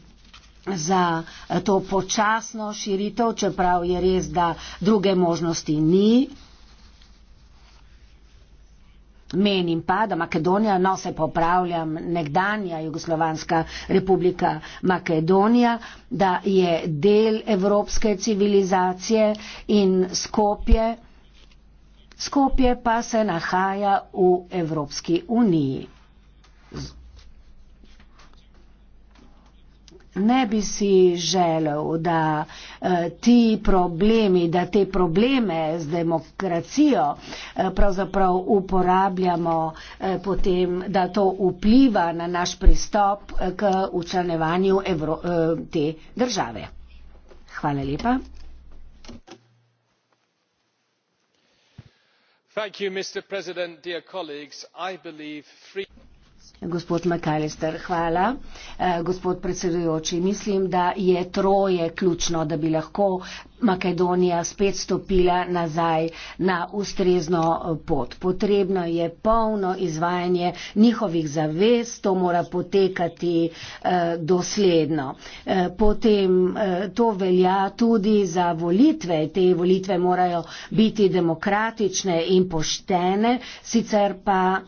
Speaker 4: za to počasno širitev, čeprav je res, da druge možnosti ni. Menim pa, da Makedonija, no se popravljam, nekdanja Jugoslovanska republika Makedonija, da je del evropske civilizacije in Skopje, Skopje pa se nahaja v Evropski uniji. ne bi si želel, da eh, ti problemi, da te probleme z demokracijo eh, pravzaprav uporabljamo eh, potem, da to vpliva na naš pristop k učanevanju Evro te države. Hvala lepa.
Speaker 3: Thank you, Mr. President, dear colleagues. I believe free.
Speaker 4: Gospod McAllister, hvala. Eh, gospod predsedujoči, mislim, da je troje ključno, da bi lahko Makedonija spet stopila nazaj na ustrezno eh, pot. Potrebno je polno izvajanje njihovih zavez, to mora potekati eh, dosledno. Potem to velja tudi za volitve. Te volitve morajo biti demokratične in poštene, sicer pa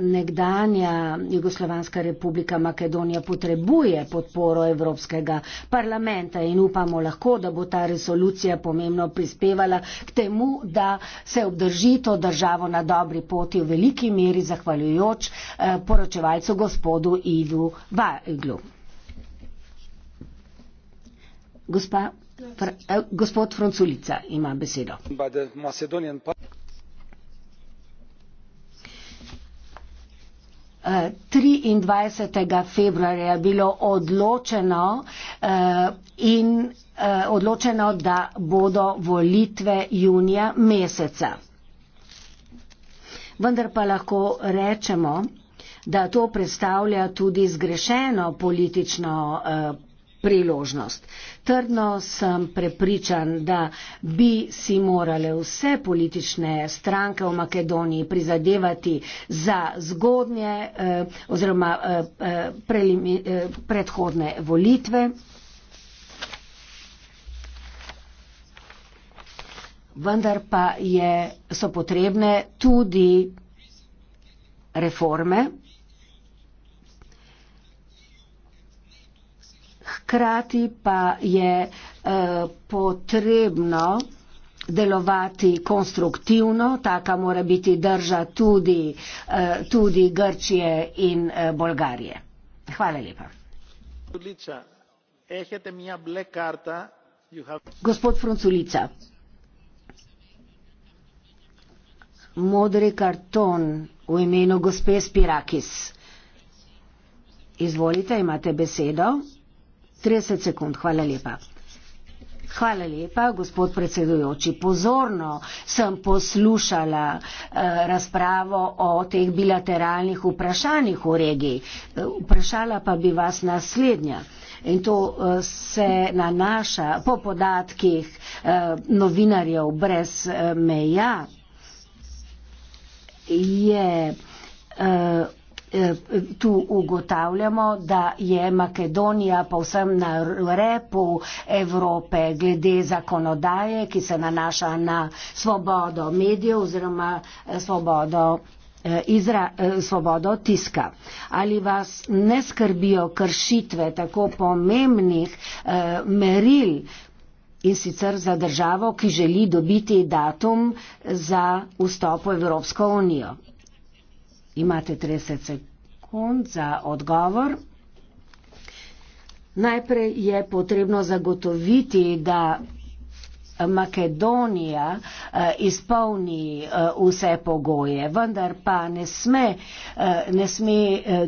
Speaker 4: nekdanja Jugoslovanska republika Makedonija potrebuje podporo Evropskega parlamenta in upamo lahko, da bo ta resolucija pomembno prispevala k temu, da se obdrži to državo na dobri poti v veliki meri zahvaljujoč eh, poročevalcu gospodu Ivu Vaglu. Gospa, fr, eh, gospod Franculica ima besedo. 23. Eh, februarja je bilo odločeno, uh, in, uh, odločeno, da bodo volitve junija meseca. Vendar pa lahko rečemo, da to predstavlja tudi zgrešeno politično uh, priložnost. Trdno sem prepričan, da bi si morale vse politične stranke v Makedoniji prizadevati za zgodnje eh, oziroma eh, eh prelimi, eh, predhodne volitve. Vendar pa je, so potrebne tudi reforme. hkrati pa je eh, potrebno delovati konstruktivno, taka mora biti drža tudi, eh, tudi Grčije in eh, Bolgarije. Hvala lepa. Gospod Frunculica, modri karton v imenu gospe Spirakis. Izvolite, imate besedo. 30 sekund, hvala lepa. Hvala lepa, gospod predsedujoči. Pozorno sem poslušala eh, razpravo o teh bilateralnih vprašanjih v regiji. Vprašala pa bi vas naslednja. In to eh, se nanaša po podatkih eh, novinarjev brez eh, meja. Je eh, Eh, tu ugotavljamo, da je Makedonija povsem na repu Evrope glede zakonodaje, ki se nanaša na svobodo medijev oziroma eh, svobodo. Eh, izra, svobodo tiska. Ali vas ne skrbijo kršitve tako pomembnih eh, meril in sicer za državo, ki želi dobiti datum za vstop v Evropsko unijo? Imate 30 sekund za odgovor. Najprej je potrebno zagotoviti, da Makedonija eh, izpolni eh, vse pogoje, vendar pa ne sme, eh, ne sme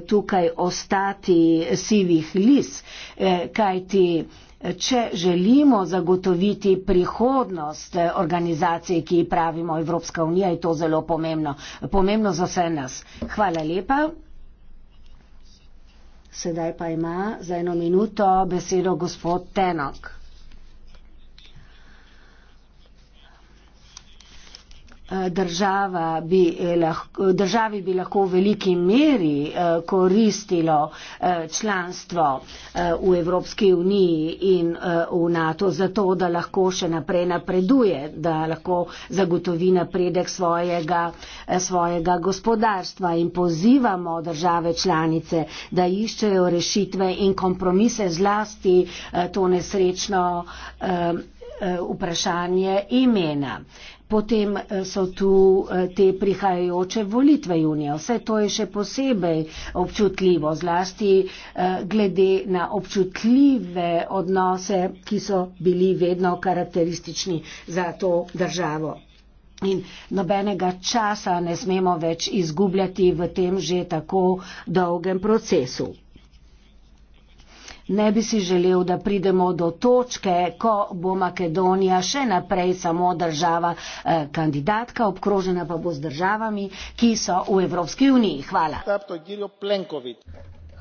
Speaker 4: tukaj ostati sivih lis, kajti če želimo zagotoviti prihodnost eh, organizacije, ki pravimo Evropska unija, je to zelo pomembno. Pomembno za vse nas. Hvala lepa. Sedaj pa ima za eno minuto besedo gospod Tenok. Država bi eh, lahko, državi bi lahko v veliki meri eh, koristilo eh, članstvo v Evropski uniji in v NATO zato, da lahko še naprej napreduje, da lahko zagotovi napredek svojega, svojega gospodarstva in pozivamo države članice, da iščejo rešitve in kompromise zlasti to nesrečno vprašanje imena. Potem eh, so tu eh, te prihajajoče volitve junija. Vse to je še posebej občutljivo, zlasti eh, glede na občutljive odnose, ki so bili vedno karakteristični za to državo. In nobenega časa ne smemo več izgubljati v tem že tako dolgem procesu. Ne bi si želel, da pridemo do točke, ko bo Makedonija še naprej samo država eh, kandidatka, obkrožena pa bo z državami, ki so v Evropski uniji. Hvala.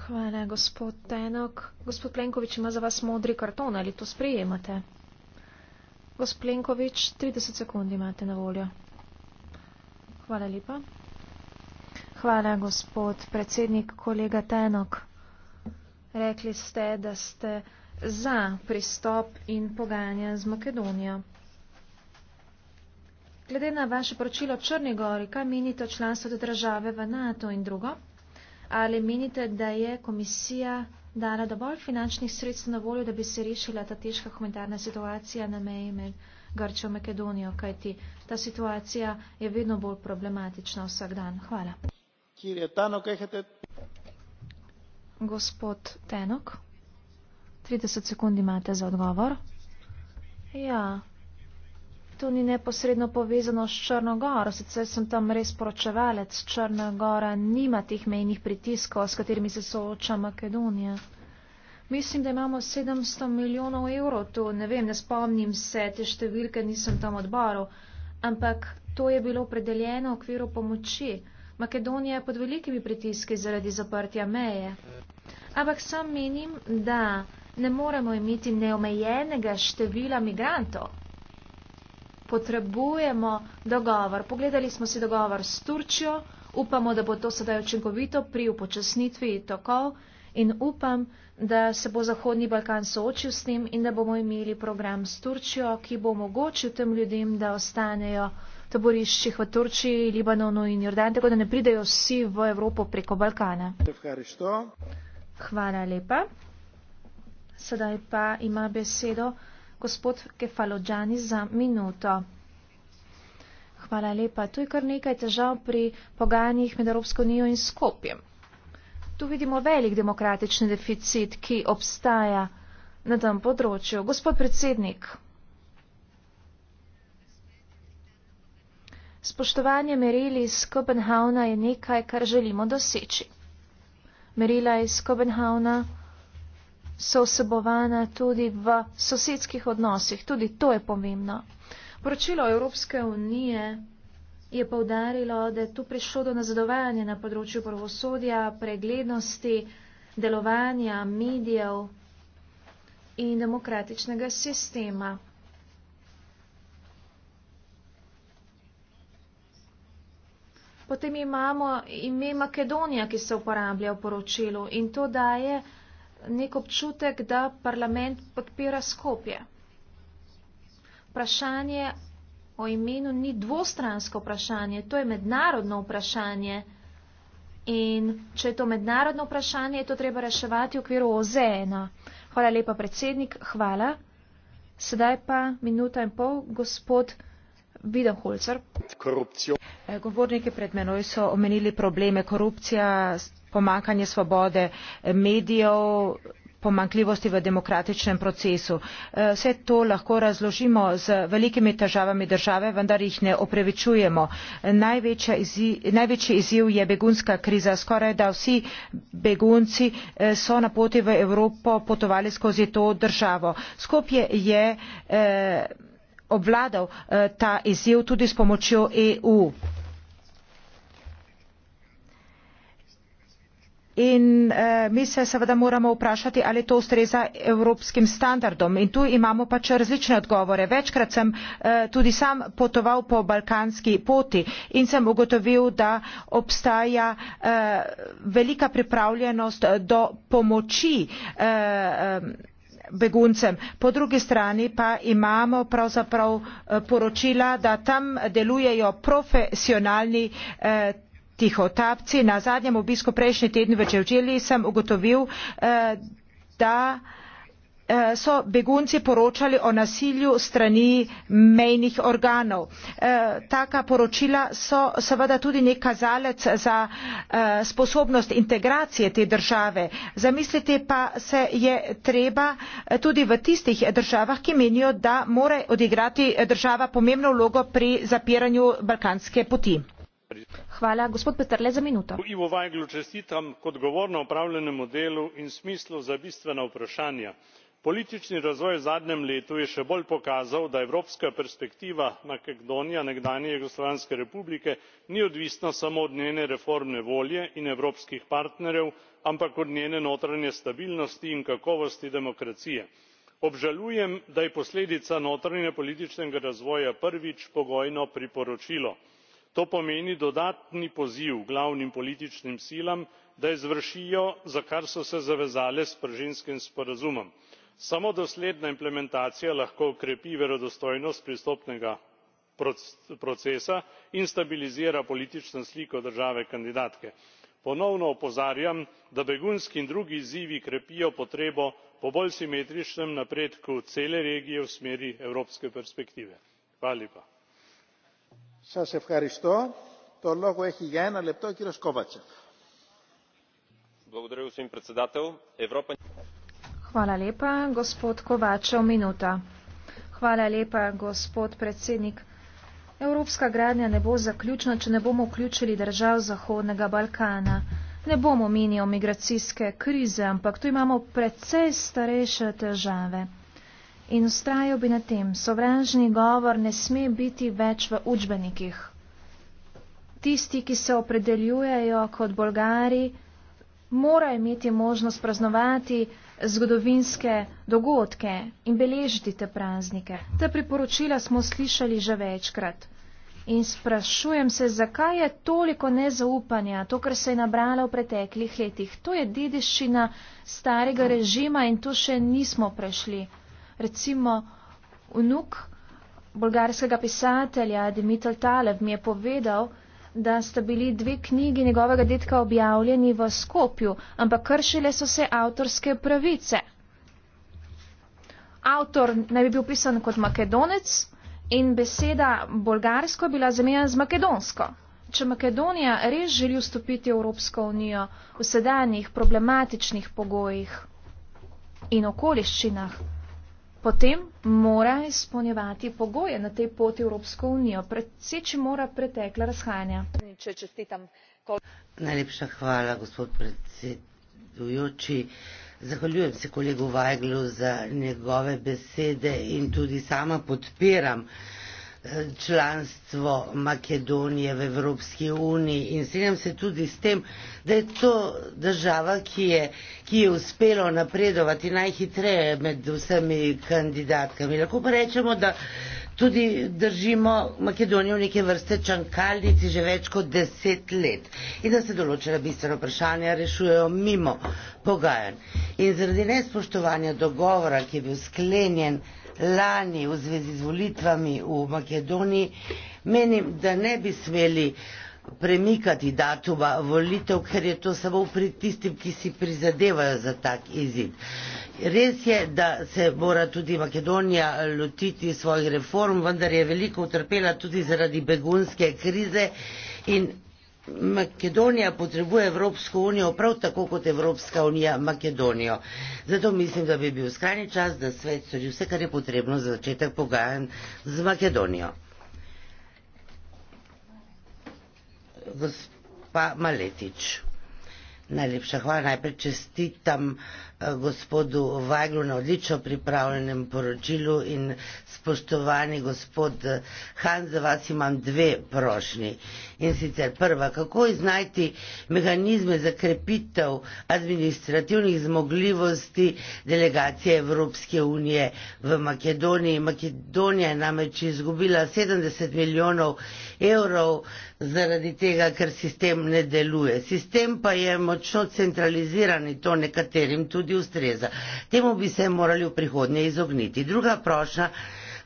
Speaker 6: Hvala, gospod Tenok. Gospod Plenkovič ima za vas modri karton, ali to sprejemate? Gospod Plenkovič, 30 sekund imate na voljo. Hvala lepa. Hvala, gospod predsednik, kolega Tenok. Rekli ste, da ste za pristop in pogajanja z Makedonijo. Glede na vaše poročilo Črni gori, kaj menite o članstvu države v NATO in drugo? Ali menite, da je komisija dala dovolj finančnih sredstev na voljo, da bi se rešila ta težka humanitarna situacija na meji med Grčjo in Makedonijo, kajti ta situacija je vedno bolj problematična vsak dan? Hvala.
Speaker 2: Kjer je tano, kaj hete
Speaker 6: Gospod Tenok, 30 sekund imate za odgovor. Ja, to ni neposredno povezano s Črnogoro, sicer sem tam res poročevalec. Črnogora nima teh mejnih pritiskov, s katerimi se sooča Makedonija. Mislim, da imamo 700 milijonov evrov tu, ne vem, ne spomnim se te številke, nisem tam odboru, ampak to je bilo opredeljeno v okviru pomoči. Makedonija je pod velikimi pritiski zaradi zaprtja meje. Ampak sam menim, da ne moremo imeti neomejenega števila migrantov. Potrebujemo dogovor. Pogledali smo si dogovor s Turčjo, upamo, da bo to sedaj učinkovito pri upočasnitvi tokov in upam, da se bo Zahodni Balkan soočil s tem in da bomo imeli program s Turčjo, ki bo omogočil tem ljudem, da ostanejo taboriščih v Turčiji, Libanonu in Jordanu, tako da ne pridejo vsi v Evropo preko Balkana. Hvala lepa. Sedaj pa ima besedo gospod Kefalođani za minuto. Hvala lepa. Tu je kar nekaj težav pri pogajanjih med Evropsko unijo in Skopjem. Tu vidimo velik demokratični deficit, ki obstaja na tem področju. Gospod predsednik, Spoštovanje meril iz Kopenhavna je nekaj, kar želimo doseči. Merila iz Kopenhavna so vsebovana tudi v sosedskih odnosih, tudi to je pomembno. Poročilo Evropske unije je povdarilo, da je tu prišlo do nazadovanja na področju pravosodja, preglednosti, delovanja medijev in demokratičnega sistema. Potem imamo ime Makedonija, ki se uporablja v poročilu in to daje nek občutek, da parlament podpira skopje. Vprašanje o imenu ni dvostransko vprašanje, to je mednarodno vprašanje. In če je to mednarodno vprašanje, je to treba reševati v okviru OZN-a. Hvala lepa, predsednik, hvala.
Speaker 1: Sedaj pa minuta in pol, gospod. E, govorniki pred menoj so omenili probleme korupcija pomanjkanje svobode e, medijev pomanjkljivosti v demokratičnem procesu. E, vse to lahko razložimo z velikimi težavami države vendar jih ne opravičujemo. največji izziv je begunska kriza. skorajda vsi begunci so na poti v evropo potovali skozi to državo. skopje je obvladal eh, ta izziv tudi s pomočjo EU. In eh, mi se seveda moramo vprašati, ali to ustreza evropskim standardom. In tu imamo pač različne odgovore. Večkrat sem eh, tudi sam potoval po balkanski poti in sem ugotovil, da obstaja eh, velika pripravljenost do pomoči. Eh, eh beguncem po drugi strani pa imamo pravzaprav eh, poročila da tam delujejo profesionalni eh, tihotapci na zadnjem obisku prejšnji teden v džindžiliji sem ugotovil eh, da Eh, so begunci poročali o nasilju strani mejnih organov. Eh, taka poročila so seveda tudi nek kazalec za eh, sposobnost integracije te države. Zamisliti pa se je treba tudi v tistih državah, ki menijo, da mora odigrati država pomembno vlogo pri zapiranju balkanske poti. Hvala, gospod Petr, le za minuto.
Speaker 5: Ivo Vajglu čestitam k odgovornemu opravljenemu delu in smislu za bistvena vprašanja politični razvoj v zadnjem letu je še bolj pokazal da evropska perspektiva makedonija nekdanje jugoslovanske republike ni odvisna samo od njene reformne volje in evropskih partnerjev ampak od njene notranje stabilnosti in kakovosti demokracije. obžalujem da je posledica notranjepolitičnega razvoja prvič pogojno priporočilo. to pomeni dodatni poziv glavnim političnim silam da izvršijo za kar so se zavezale s prženjskim sporazumom samo dosledna implementacija lahko okrepi verodostojnost pristopnega procesa in stabilizira politično sliko države kandidatke. ponovno opozarjam da begunski in drugi izzivi krepijo potrebo po bolj simetričnem napredku cele regije v smeri evropske perspektive.
Speaker 6: Hvala lepa, gospod Kovačev, minuta. Hvala lepa, gospod predsednik. Evropska gradnja ne bo zaključena, če ne bomo vključili držav Zahodnega Balkana. Ne bomo minijo migracijske krize, ampak tu imamo precej starejše težave. In ustrajal bi na tem, sovražni govor ne sme biti več v učbenikih. Tisti, ki se opredeljujejo kot Bolgari, morajo imeti možnost praznovati zgodovinske dogodke in beležiti te praznike. Te priporočila smo slišali že večkrat. In sprašujem se, zakaj je toliko nezaupanja, to, kar se je nabralo v preteklih letih. To je dediščina starega režima in to še nismo prešli. Recimo, vnuk bolgarskega pisatelja Dimitr Talev mi je povedal, da sta bili dve knjigi njegovega detka objavljeni v Skopju, ampak kršile so se avtorske pravice. Avtor naj bi bil pisan kot makedonec in beseda bolgarsko je bila zamenjena z makedonsko. Če Makedonija res želi vstopiti v Evropsko unijo v sedanjih problematičnih pogojih in okoliščinah, potem mora izpolnjevati pogoje na tej poti Evropsko unijo, predseči mora pretekla razhajanja.
Speaker 7: Najlepša hvala, gospod predsedujoči. Zahvaljujem se kolegu Vajglu za njegove besede in tudi sama podpiram uh, članstvo Makedonije v Evropski uniji in strinjam se tudi s tem, da je to država, ki je, ki je uspelo napredovati najhitreje med vsemi kandidatkami. Lahko pa rečemo, da tudi držimo Makedonijo v neke vrste čankalnici že več kot deset let in da se določena bistvena vprašanja rešujejo mimo pogajanj. In zaradi nespoštovanja dogovora, ki je bil sklenjen lani v zvezi z volitvami v Makedoniji, menim, da ne bi smeli premikati datuma volitev, ker je to samo pri tistim, ki si prizadevajo za tak izid. Res je, da se mora tudi Makedonija lotiti svojih reform, vendar je veliko utrpela tudi zaradi begunske krize in Makedonija potrebuje Evropsko unijo prav tako kot Evropska unija Makedonijo. Zato mislim, da bi bil skrajni čas, da svet stori vse, kar je potrebno za začetek pogajanj z Makedonijo. Gospa Maletič, najlepša hvala, najprej čestitam gospodu Vajglu na odlično pripravljenem poročilu in spoštovani gospod Han, za vas imam dve prošnji. In sicer prva, kako iznajti mehanizme za krepitev administrativnih zmogljivosti delegacije Evropske unije v Makedoniji. Makedonija je namreč izgubila 70 milijonov evrov zaradi tega, ker sistem ne deluje. Sistem pa je močno centraliziran in to nekaterim tudi tudi ustreza. Temu bi se morali v prihodnje izogniti. Druga prošnja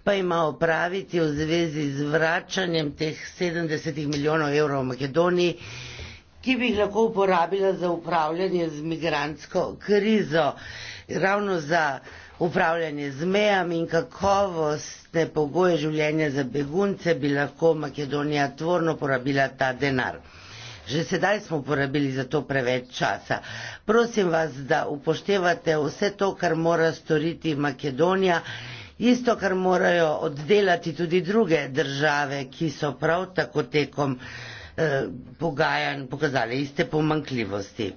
Speaker 7: pa ima opraviti v zvezi z vračanjem teh 70 milijonov evrov v Makedoniji, ki bi jih lahko uporabila za upravljanje z migransko krizo, ravno za upravljanje z mejami in kakovostne pogoje življenja za begunce bi lahko Makedonija tvorno porabila ta denar že sedaj smo porabili za to preveč časa. Prosim vas, da upoštevate vse to, kar mora storiti Makedonija, isto, kar morajo oddelati tudi druge države, ki so prav tako tekom eh, pogajanj pokazali iste pomankljivosti.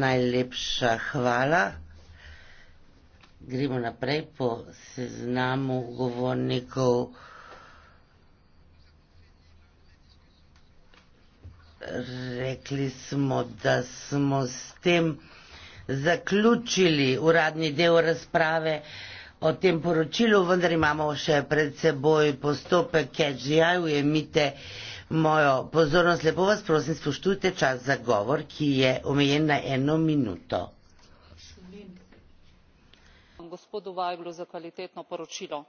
Speaker 7: Najlepša hvala. Gremo naprej po seznamu govornikov. rekli smo, da smo s tem zaključili uradni del razprave o tem poročilu, vendar imamo še pred seboj postopek KGI, ujemite mojo pozornost, lepo vas prosim, spoštujte čas za govor, ki je omejen na eno minuto.
Speaker 8: Gospodu Vajblu za kvalitetno poročilo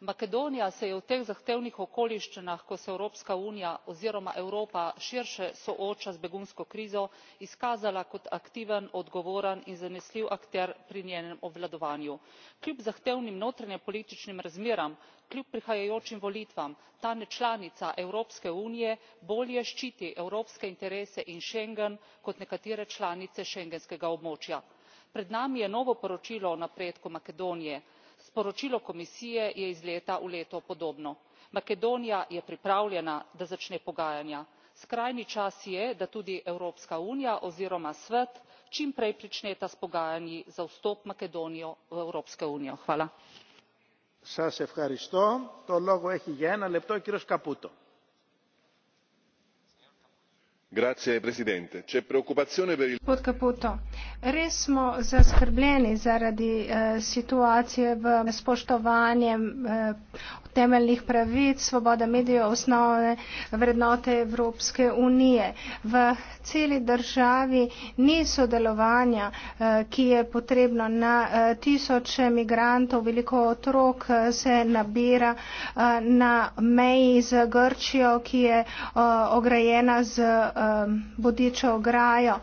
Speaker 8: makedonija se je v teh zahtevnih okoliščinah ko se evropska unija oziroma evropa širše sooča z begunsko krizo izkazala kot aktiven odgovoren in zanesljiv akter pri njenem obvladovanju. kljub zahtevnim notranjepolitičnim razmeram kljub prihajajočim volitvam ta nečlanica evropske unije bolje ščiti evropske interese in schengen kot nekatere članice schengenskega območja. pred nami je novo poročilo o napredku makedonije sporočilo komisije je iz leta v leto podobno makedonija je pripravljena da začne pogajanja skrajni čas je da tudi evropska unija oziroma svet čim prej pričneta s pogajanji za vstop makedonije v evropsko unijo
Speaker 3: gospa predsednica če preoccupazione per il.
Speaker 8: gospod caputo res smo zaskrbljeni zaradi eh, situacije v spoštovanjem otrokovih eh, pravic temeljnih pravic, svoboda medijev, osnovne vrednote Evropske unije. V celi državi ni sodelovanja, eh, ki je potrebno. Na eh, tisoče migrantov, veliko otrok eh, se nabira na meji z Grčijo, ki je ograjena z bodičo ograjo.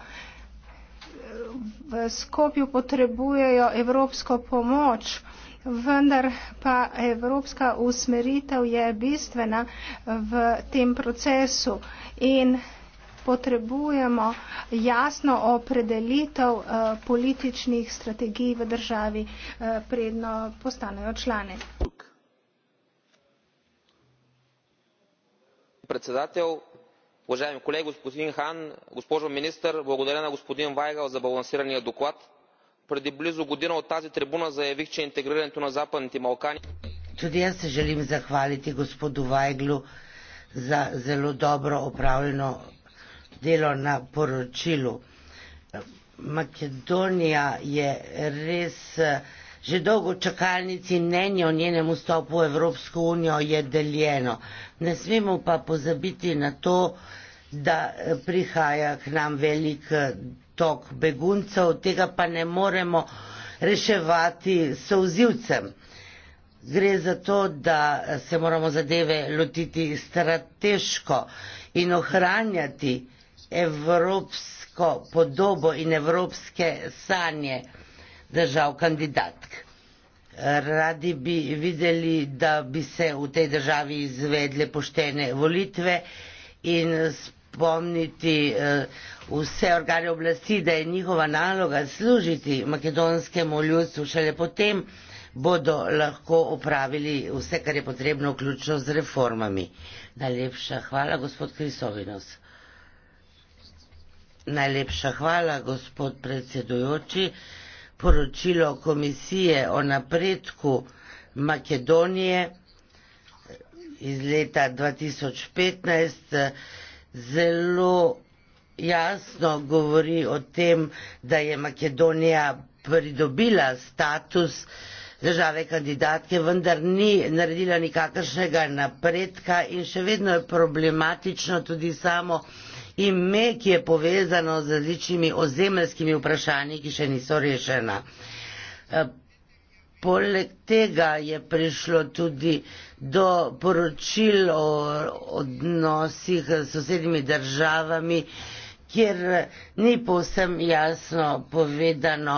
Speaker 8: V Skopju potrebujejo evropsko pomoč vendar pa evropska usmeritev je bistvena v tem procesu in potrebujemo jasno opredelitev eh, političnih strategij v državi, eh, predno postanejo člani. Predsedatelj, uvaženi kolegi, gospodin Han, gospod minister, blagodarena gospodin Vajgal za balansiranje dokvat. Pred blizu godino v tazi tribuno zajevih, če integriran tu na zapadnih Balkanih.
Speaker 7: Tudi jaz se želim zahvaliti gospodu Vajglu za zelo dobro opravljeno delo na poročilu. Makedonija je res eh, že dolgo čakalnici mnenje o njenem vstopu v Evropsko unijo je deljeno. Ne smemo pa pozabiti na to, da eh, prihaja k nam velik eh, tok beguncev, tega pa ne moremo reševati souzivcem. Gre za to, da eh, se moramo zadeve lotiti strateško in ohranjati evropsko podobo in evropske sanje držav kandidatk. Radi bi videli, da bi se v tej državi izvedle poštene volitve in s spomniti eh, vse organe oblasti, da je njihova naloga služiti makedonskemu ljudstvu, šele potem bodo lahko opravili vse, kar je potrebno, vključno z reformami. Najlepša hvala, gospod Krisovinos. Najlepša hvala, gospod predsedujoči. Poročilo komisije o napredku Makedonije iz leta 2015 zelo jasno govori o tem, da je Makedonija pridobila status države kandidatke, vendar ni naredila nikakršnega napredka in še vedno je problematično tudi samo ime, ki je povezano z različnimi ozemeljskimi vprašanji, ki še niso rešena. Poleg tega je prišlo tudi do poročil o odnosih s sosednjimi državami, kjer ni povsem jasno povedano,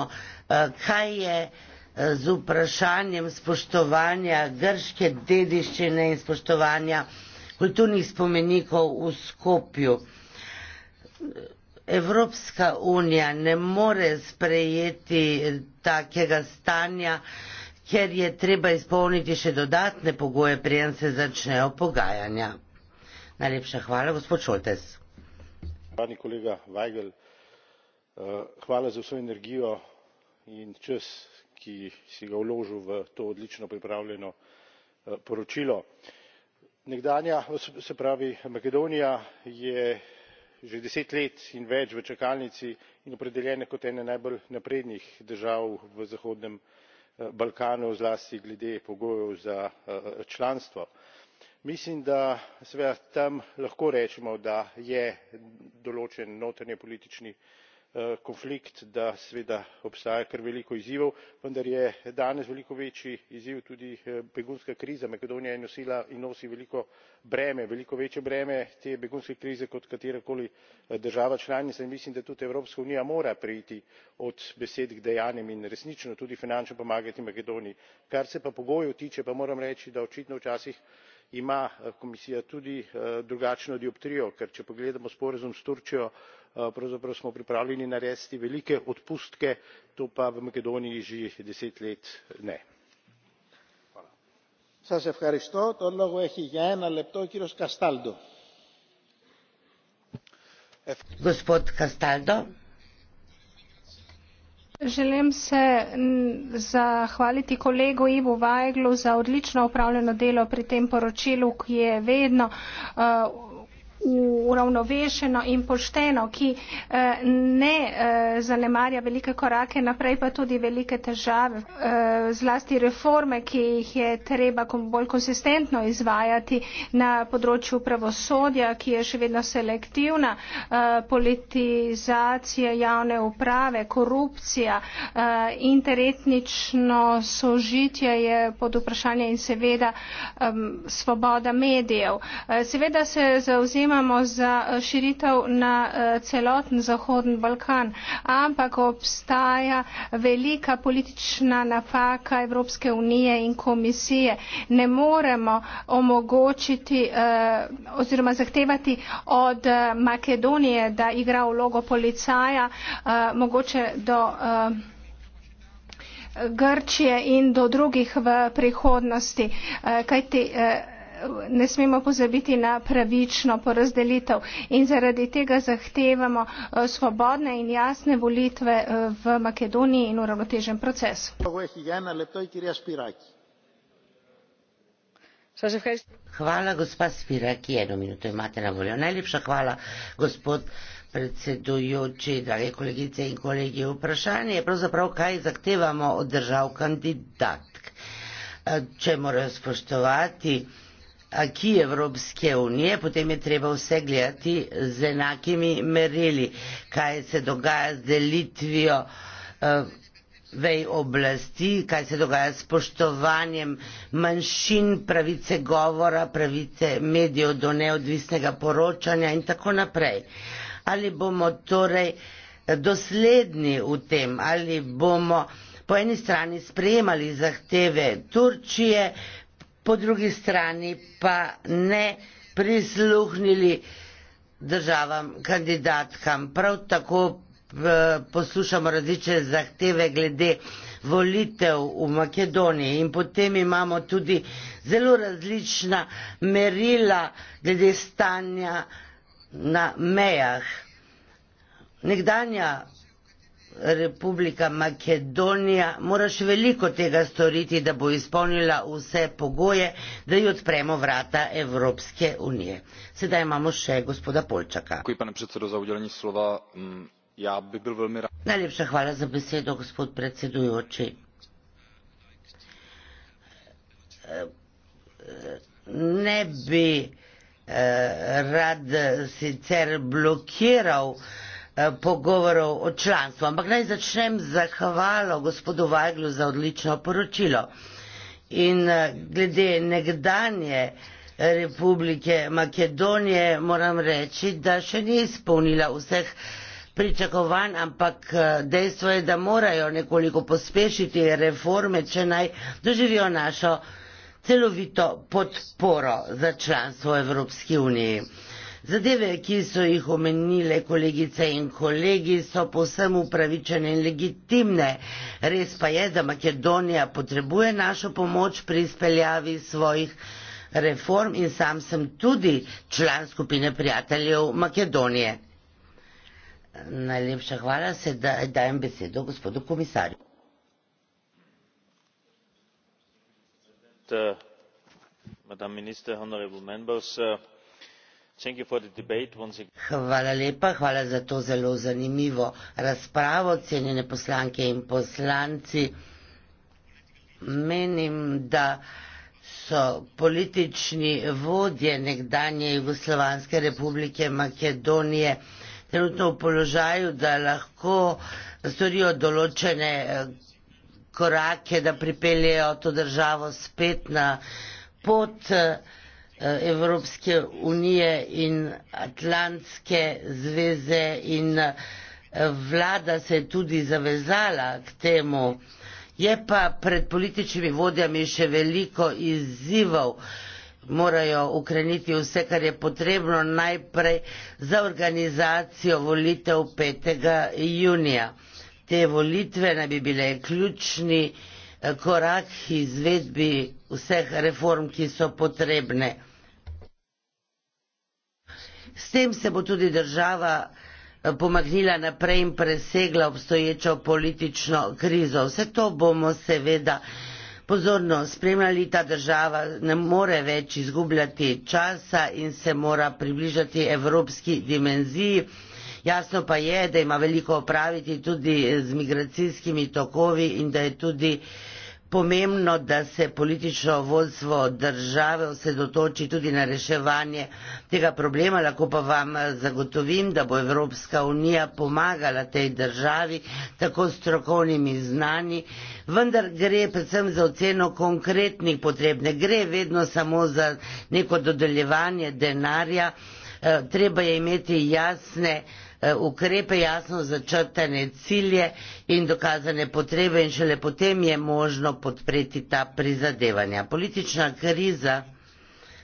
Speaker 7: eh, kaj je eh, z vprašanjem spoštovanja grške dediščine in spoštovanja kulturnih spomenikov v Skopju. Evropska unija ne more sprejeti takega stanja, kjer je treba izpolniti še dodatne pogoje, prijem se začnejo pogajanja. Najlepša hvala, gospod Šoltes.
Speaker 9: Hvala, kolega Weigel. Eh, hvala za vso energijo in čas, ki si ga vložil v to odlično pripravljeno eh, poročilo. Nekdanja, se pravi Makedonija, je že deset let in več v čakalnici in opredeljena kot ena najbolj naprednih držav v zahodnem balkanu zlasti glede pogojev za eh, članstvo. mislim da seveda tam lahko rečemo da je določen notranjepolitični Eh, konflikt da seveda obstaja kar veliko izzivov vendar je danes veliko večji izziv tudi eh, begunska kriza makedonija je nosila in nosi veliko breme veliko večje breme te begunske krize kot katerakoli eh, država članica in mislim da tudi evropska unija mora preiti od besed k dejanjem in resnično tudi finančno pomagati makedoniji. kar se pa pogojev tiče pa moram reči da očitno včasih ima eh, komisija tudi eh, drugačno dioptrijo ker če pogledamo sporazum s turčijo eh, pravzaprav smo pripravljeni narediti velike odpustke to pa v makedoniji že deset let ne.
Speaker 8: Želim se zahvaliti kolegu Ivu Vajglu za odlično upravljeno delo pri tem poročilu, ki je vedno uh, uravnovešeno in pošteno, ki eh, ne eh, zanemarja velike korake naprej, pa tudi velike težave, eh, zlasti reforme, ki jih je treba bolj konsistentno izvajati na področju pravosodja, ki je še vedno selektivna, politizacija javne uprave, korupcija, interetnično sožitje je pod vprašanje in seveda ehm, svoboda medijev. Seveda se zauzema zavzemamo za eh, širitev na eh, celoten Zahoden Balkan, ampak obstaja velika politična napaka Evropske unije in komisije. Ne moremo omogočiti eh, oziroma zahtevati od Makedonije, da igra vlogo policaja, mogoče do. Grčije in do drugih v prihodnosti, kajti ne smemo pozabiti na pravično porazdelitev in zaradi tega zahtevamo eh, svobodne in jasne volitve eh, v Makedoniji in uravnotežen proces.
Speaker 7: Hvala, gospa Spiraki, eno minuto imate na voljo. Najlepša hvala, gospod predsedujoči, drage kolegice in kolegi. Vprašanje je pravzaprav, kaj zahtevamo od držav kandidatk. Eh, če morajo spoštovati uh, aki Evropske unije, potem je treba vse gledati z enakimi merili, kaj se dogaja z delitvijo uh, vej oblasti, kaj se dogaja s poštovanjem manjšin, pravice govora, pravice medijev do neodvisnega poročanja in tako naprej. Ali bomo torej eh, dosledni v tem, ali bomo po eni strani sprejemali zahteve Turčije, po drugi strani pa ne prisluhnili državam, kandidatkam. Prav tako eh, poslušamo različne zahteve glede volitev v Makedoniji in potem imamo tudi zelo različna merila glede stanja na mejah. Nekdanja Republika Makedonija, moraš veliko tega storiti, da bo izpolnila vse pogoje, da ji odpremo vrata Evropske unije. Sedaj imamo še gospoda Polčaka. Mm, Najlepša hvala za besedo, gospod predsedujoči. Ne bi eh, rad sicer blokiral Eh, pogovorov o članstvu. Ampak naj začnem z zahvalo gospodu Vajglu za odlično poročilo. In eh, glede nekdanje Republike Makedonije moram reči, da še ni izpolnila vseh pričakovanj, ampak eh, dejstvo je, da morajo nekoliko pospešiti reforme, če naj doživijo našo celovito podporo za članstvo v Evropski uniji. Zadeve, ki so jih omenile kolegice in kolegi, so povsem upravičene in legitimne. Res pa je, da Makedonija potrebuje našo pomoč pri izpeljavi svojih reform in sam sem tudi član skupine prijateljev Makedonije. Najlepša hvala se, da dajem besedo gospodu komisarju.
Speaker 9: Madam minister, honorable members,
Speaker 7: Hvala lepa, hvala za to zelo zanimivo razpravo, cenjene poslanke in poslanci. Menim, da so politični vodje nekdanje Jugoslovanske republike Makedonije trenutno v položaju, da lahko storijo določene korake, da pripeljejo to državo spet na pot Eh, Evropske unije in Atlantske zveze in eh, vlada se je tudi zavezala k temu. Je pa pred političnimi vodjami še veliko izzivov. Morajo ukreniti vse, kar je potrebno najprej za organizacijo volitev 5. junija. Te volitve naj bi bile ključni eh, korak izvedbi vseh reform, ki so potrebne. S tem se bo tudi država eh, pomaknila naprej in presegla obstoječo politično krizo. Vse to bomo seveda pozorno spremljali. Ta država ne more več izgubljati časa in se mora približati evropski dimenziji. Jasno pa je, da ima veliko opraviti tudi z migracijskimi tokovi in da je tudi uh, pomembno, da se politično vodstvo države osredotoči tudi na reševanje tega problema. Lahko pa vam eh, zagotovim, da bo Evropska unija pomagala tej državi tako strokovnimi znani, vendar gre predvsem za oceno konkretnih potreb. Ne gre vedno samo za neko dodeljevanje denarja, eh, treba je imeti jasne Eh, ukrepe, jasno začrtane cilje in dokazane potrebe in šele potem je možno podpreti ta prizadevanja. Politična kriza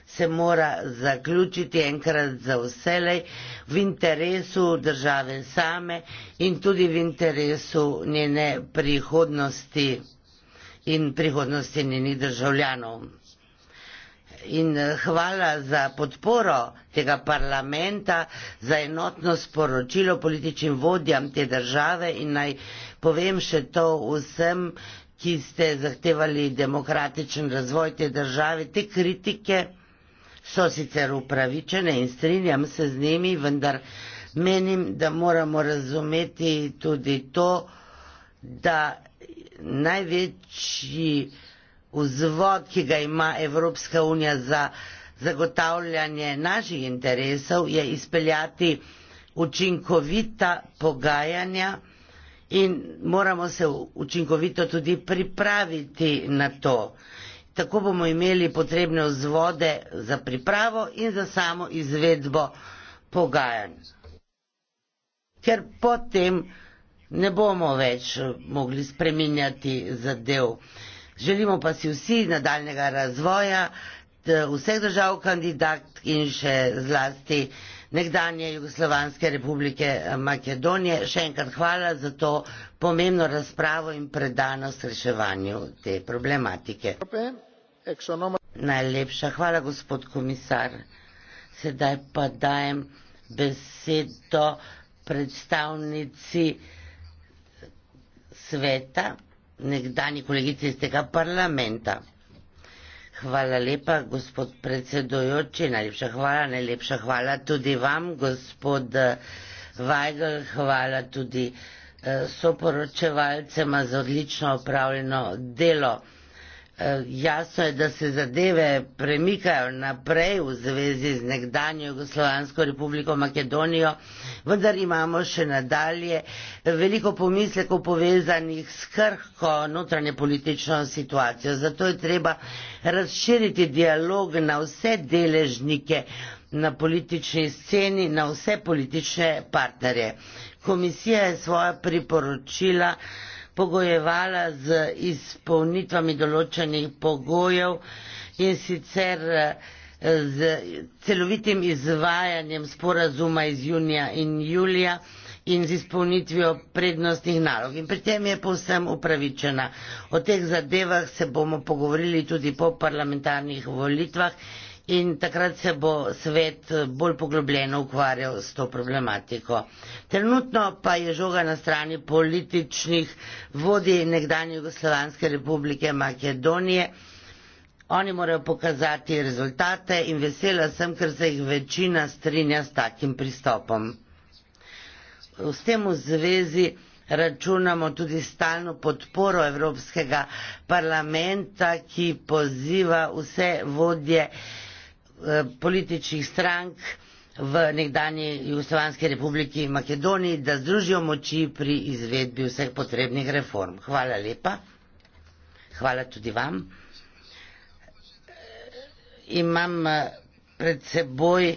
Speaker 7: se mora zaključiti enkrat za vselej v interesu države same in tudi v interesu njene prihodnosti in prihodnosti njenih državljanov in eh, hvala za podporo tega parlamenta, za enotno sporočilo političnim vodjam te države in naj povem še to vsem, ki ste zahtevali demokratičen razvoj te države. Te kritike so sicer upravičene in strinjam se z njimi, vendar menim, da moramo razumeti tudi to, da največji vzvod, ki ga ima Evropska unija za zagotavljanje naših interesov, je izpeljati učinkovita pogajanja in moramo se učinkovito tudi pripraviti na to. Tako bomo imeli potrebne vzvode za pripravo in za samo izvedbo pogajanj. Ker potem ne bomo več mogli spreminjati zadev. Želimo pa si vsi nadaljnega razvoja vseh držav kandidat in še zlasti nekdanje Jugoslovanske republike eh, Makedonije. Še enkrat hvala za to pomembno razpravo in predanost reševanju te problematike. Najlepša hvala, gospod komisar. Sedaj pa dajem besedo predstavnici sveta nekdani kolegici iz tega parlamenta. Hvala lepa, gospod predsedojoči, najlepša hvala, najlepša hvala tudi vam, gospod eh, Weigl, hvala tudi eh, soporočevalcema za odlično opravljeno delo. Eh, jasno je, da se zadeve premikajo naprej v zvezi z nekdanjo Jugoslovansko republiko Makedonijo, vendar imamo še nadalje veliko pomislekov povezanih s krhko notranje politično situacijo. Zato je treba razširiti dialog na vse deležnike na politični sceni, na vse politične partnerje. Komisija je svoja priporočila pogojevala z izpolnitvami določenih pogojev in sicer eh, z celovitim izvajanjem sporazuma iz junija in julija in z izpolnitvijo prednostnih nalog. In pri tem je povsem upravičena. O teh zadevah se bomo pogovorili tudi po parlamentarnih volitvah in takrat se bo svet bolj poglobljeno ukvarjal s to problematiko. Trenutno pa je žoga na strani političnih vodij nekdanje Jugoslovanske republike Makedonije. Oni morajo pokazati rezultate in vesela sem, ker se jih večina strinja s takim pristopom. S tem v zvezi računamo tudi stalno podporo Evropskega parlamenta, ki poziva vse vodje Eh, političnih strank v nekdani Jugoslovanski republiki Makedoniji, da združijo moči pri izvedbi vseh potrebnih reform. Hvala lepa. Hvala tudi vam.
Speaker 1: Imam eh, pred seboj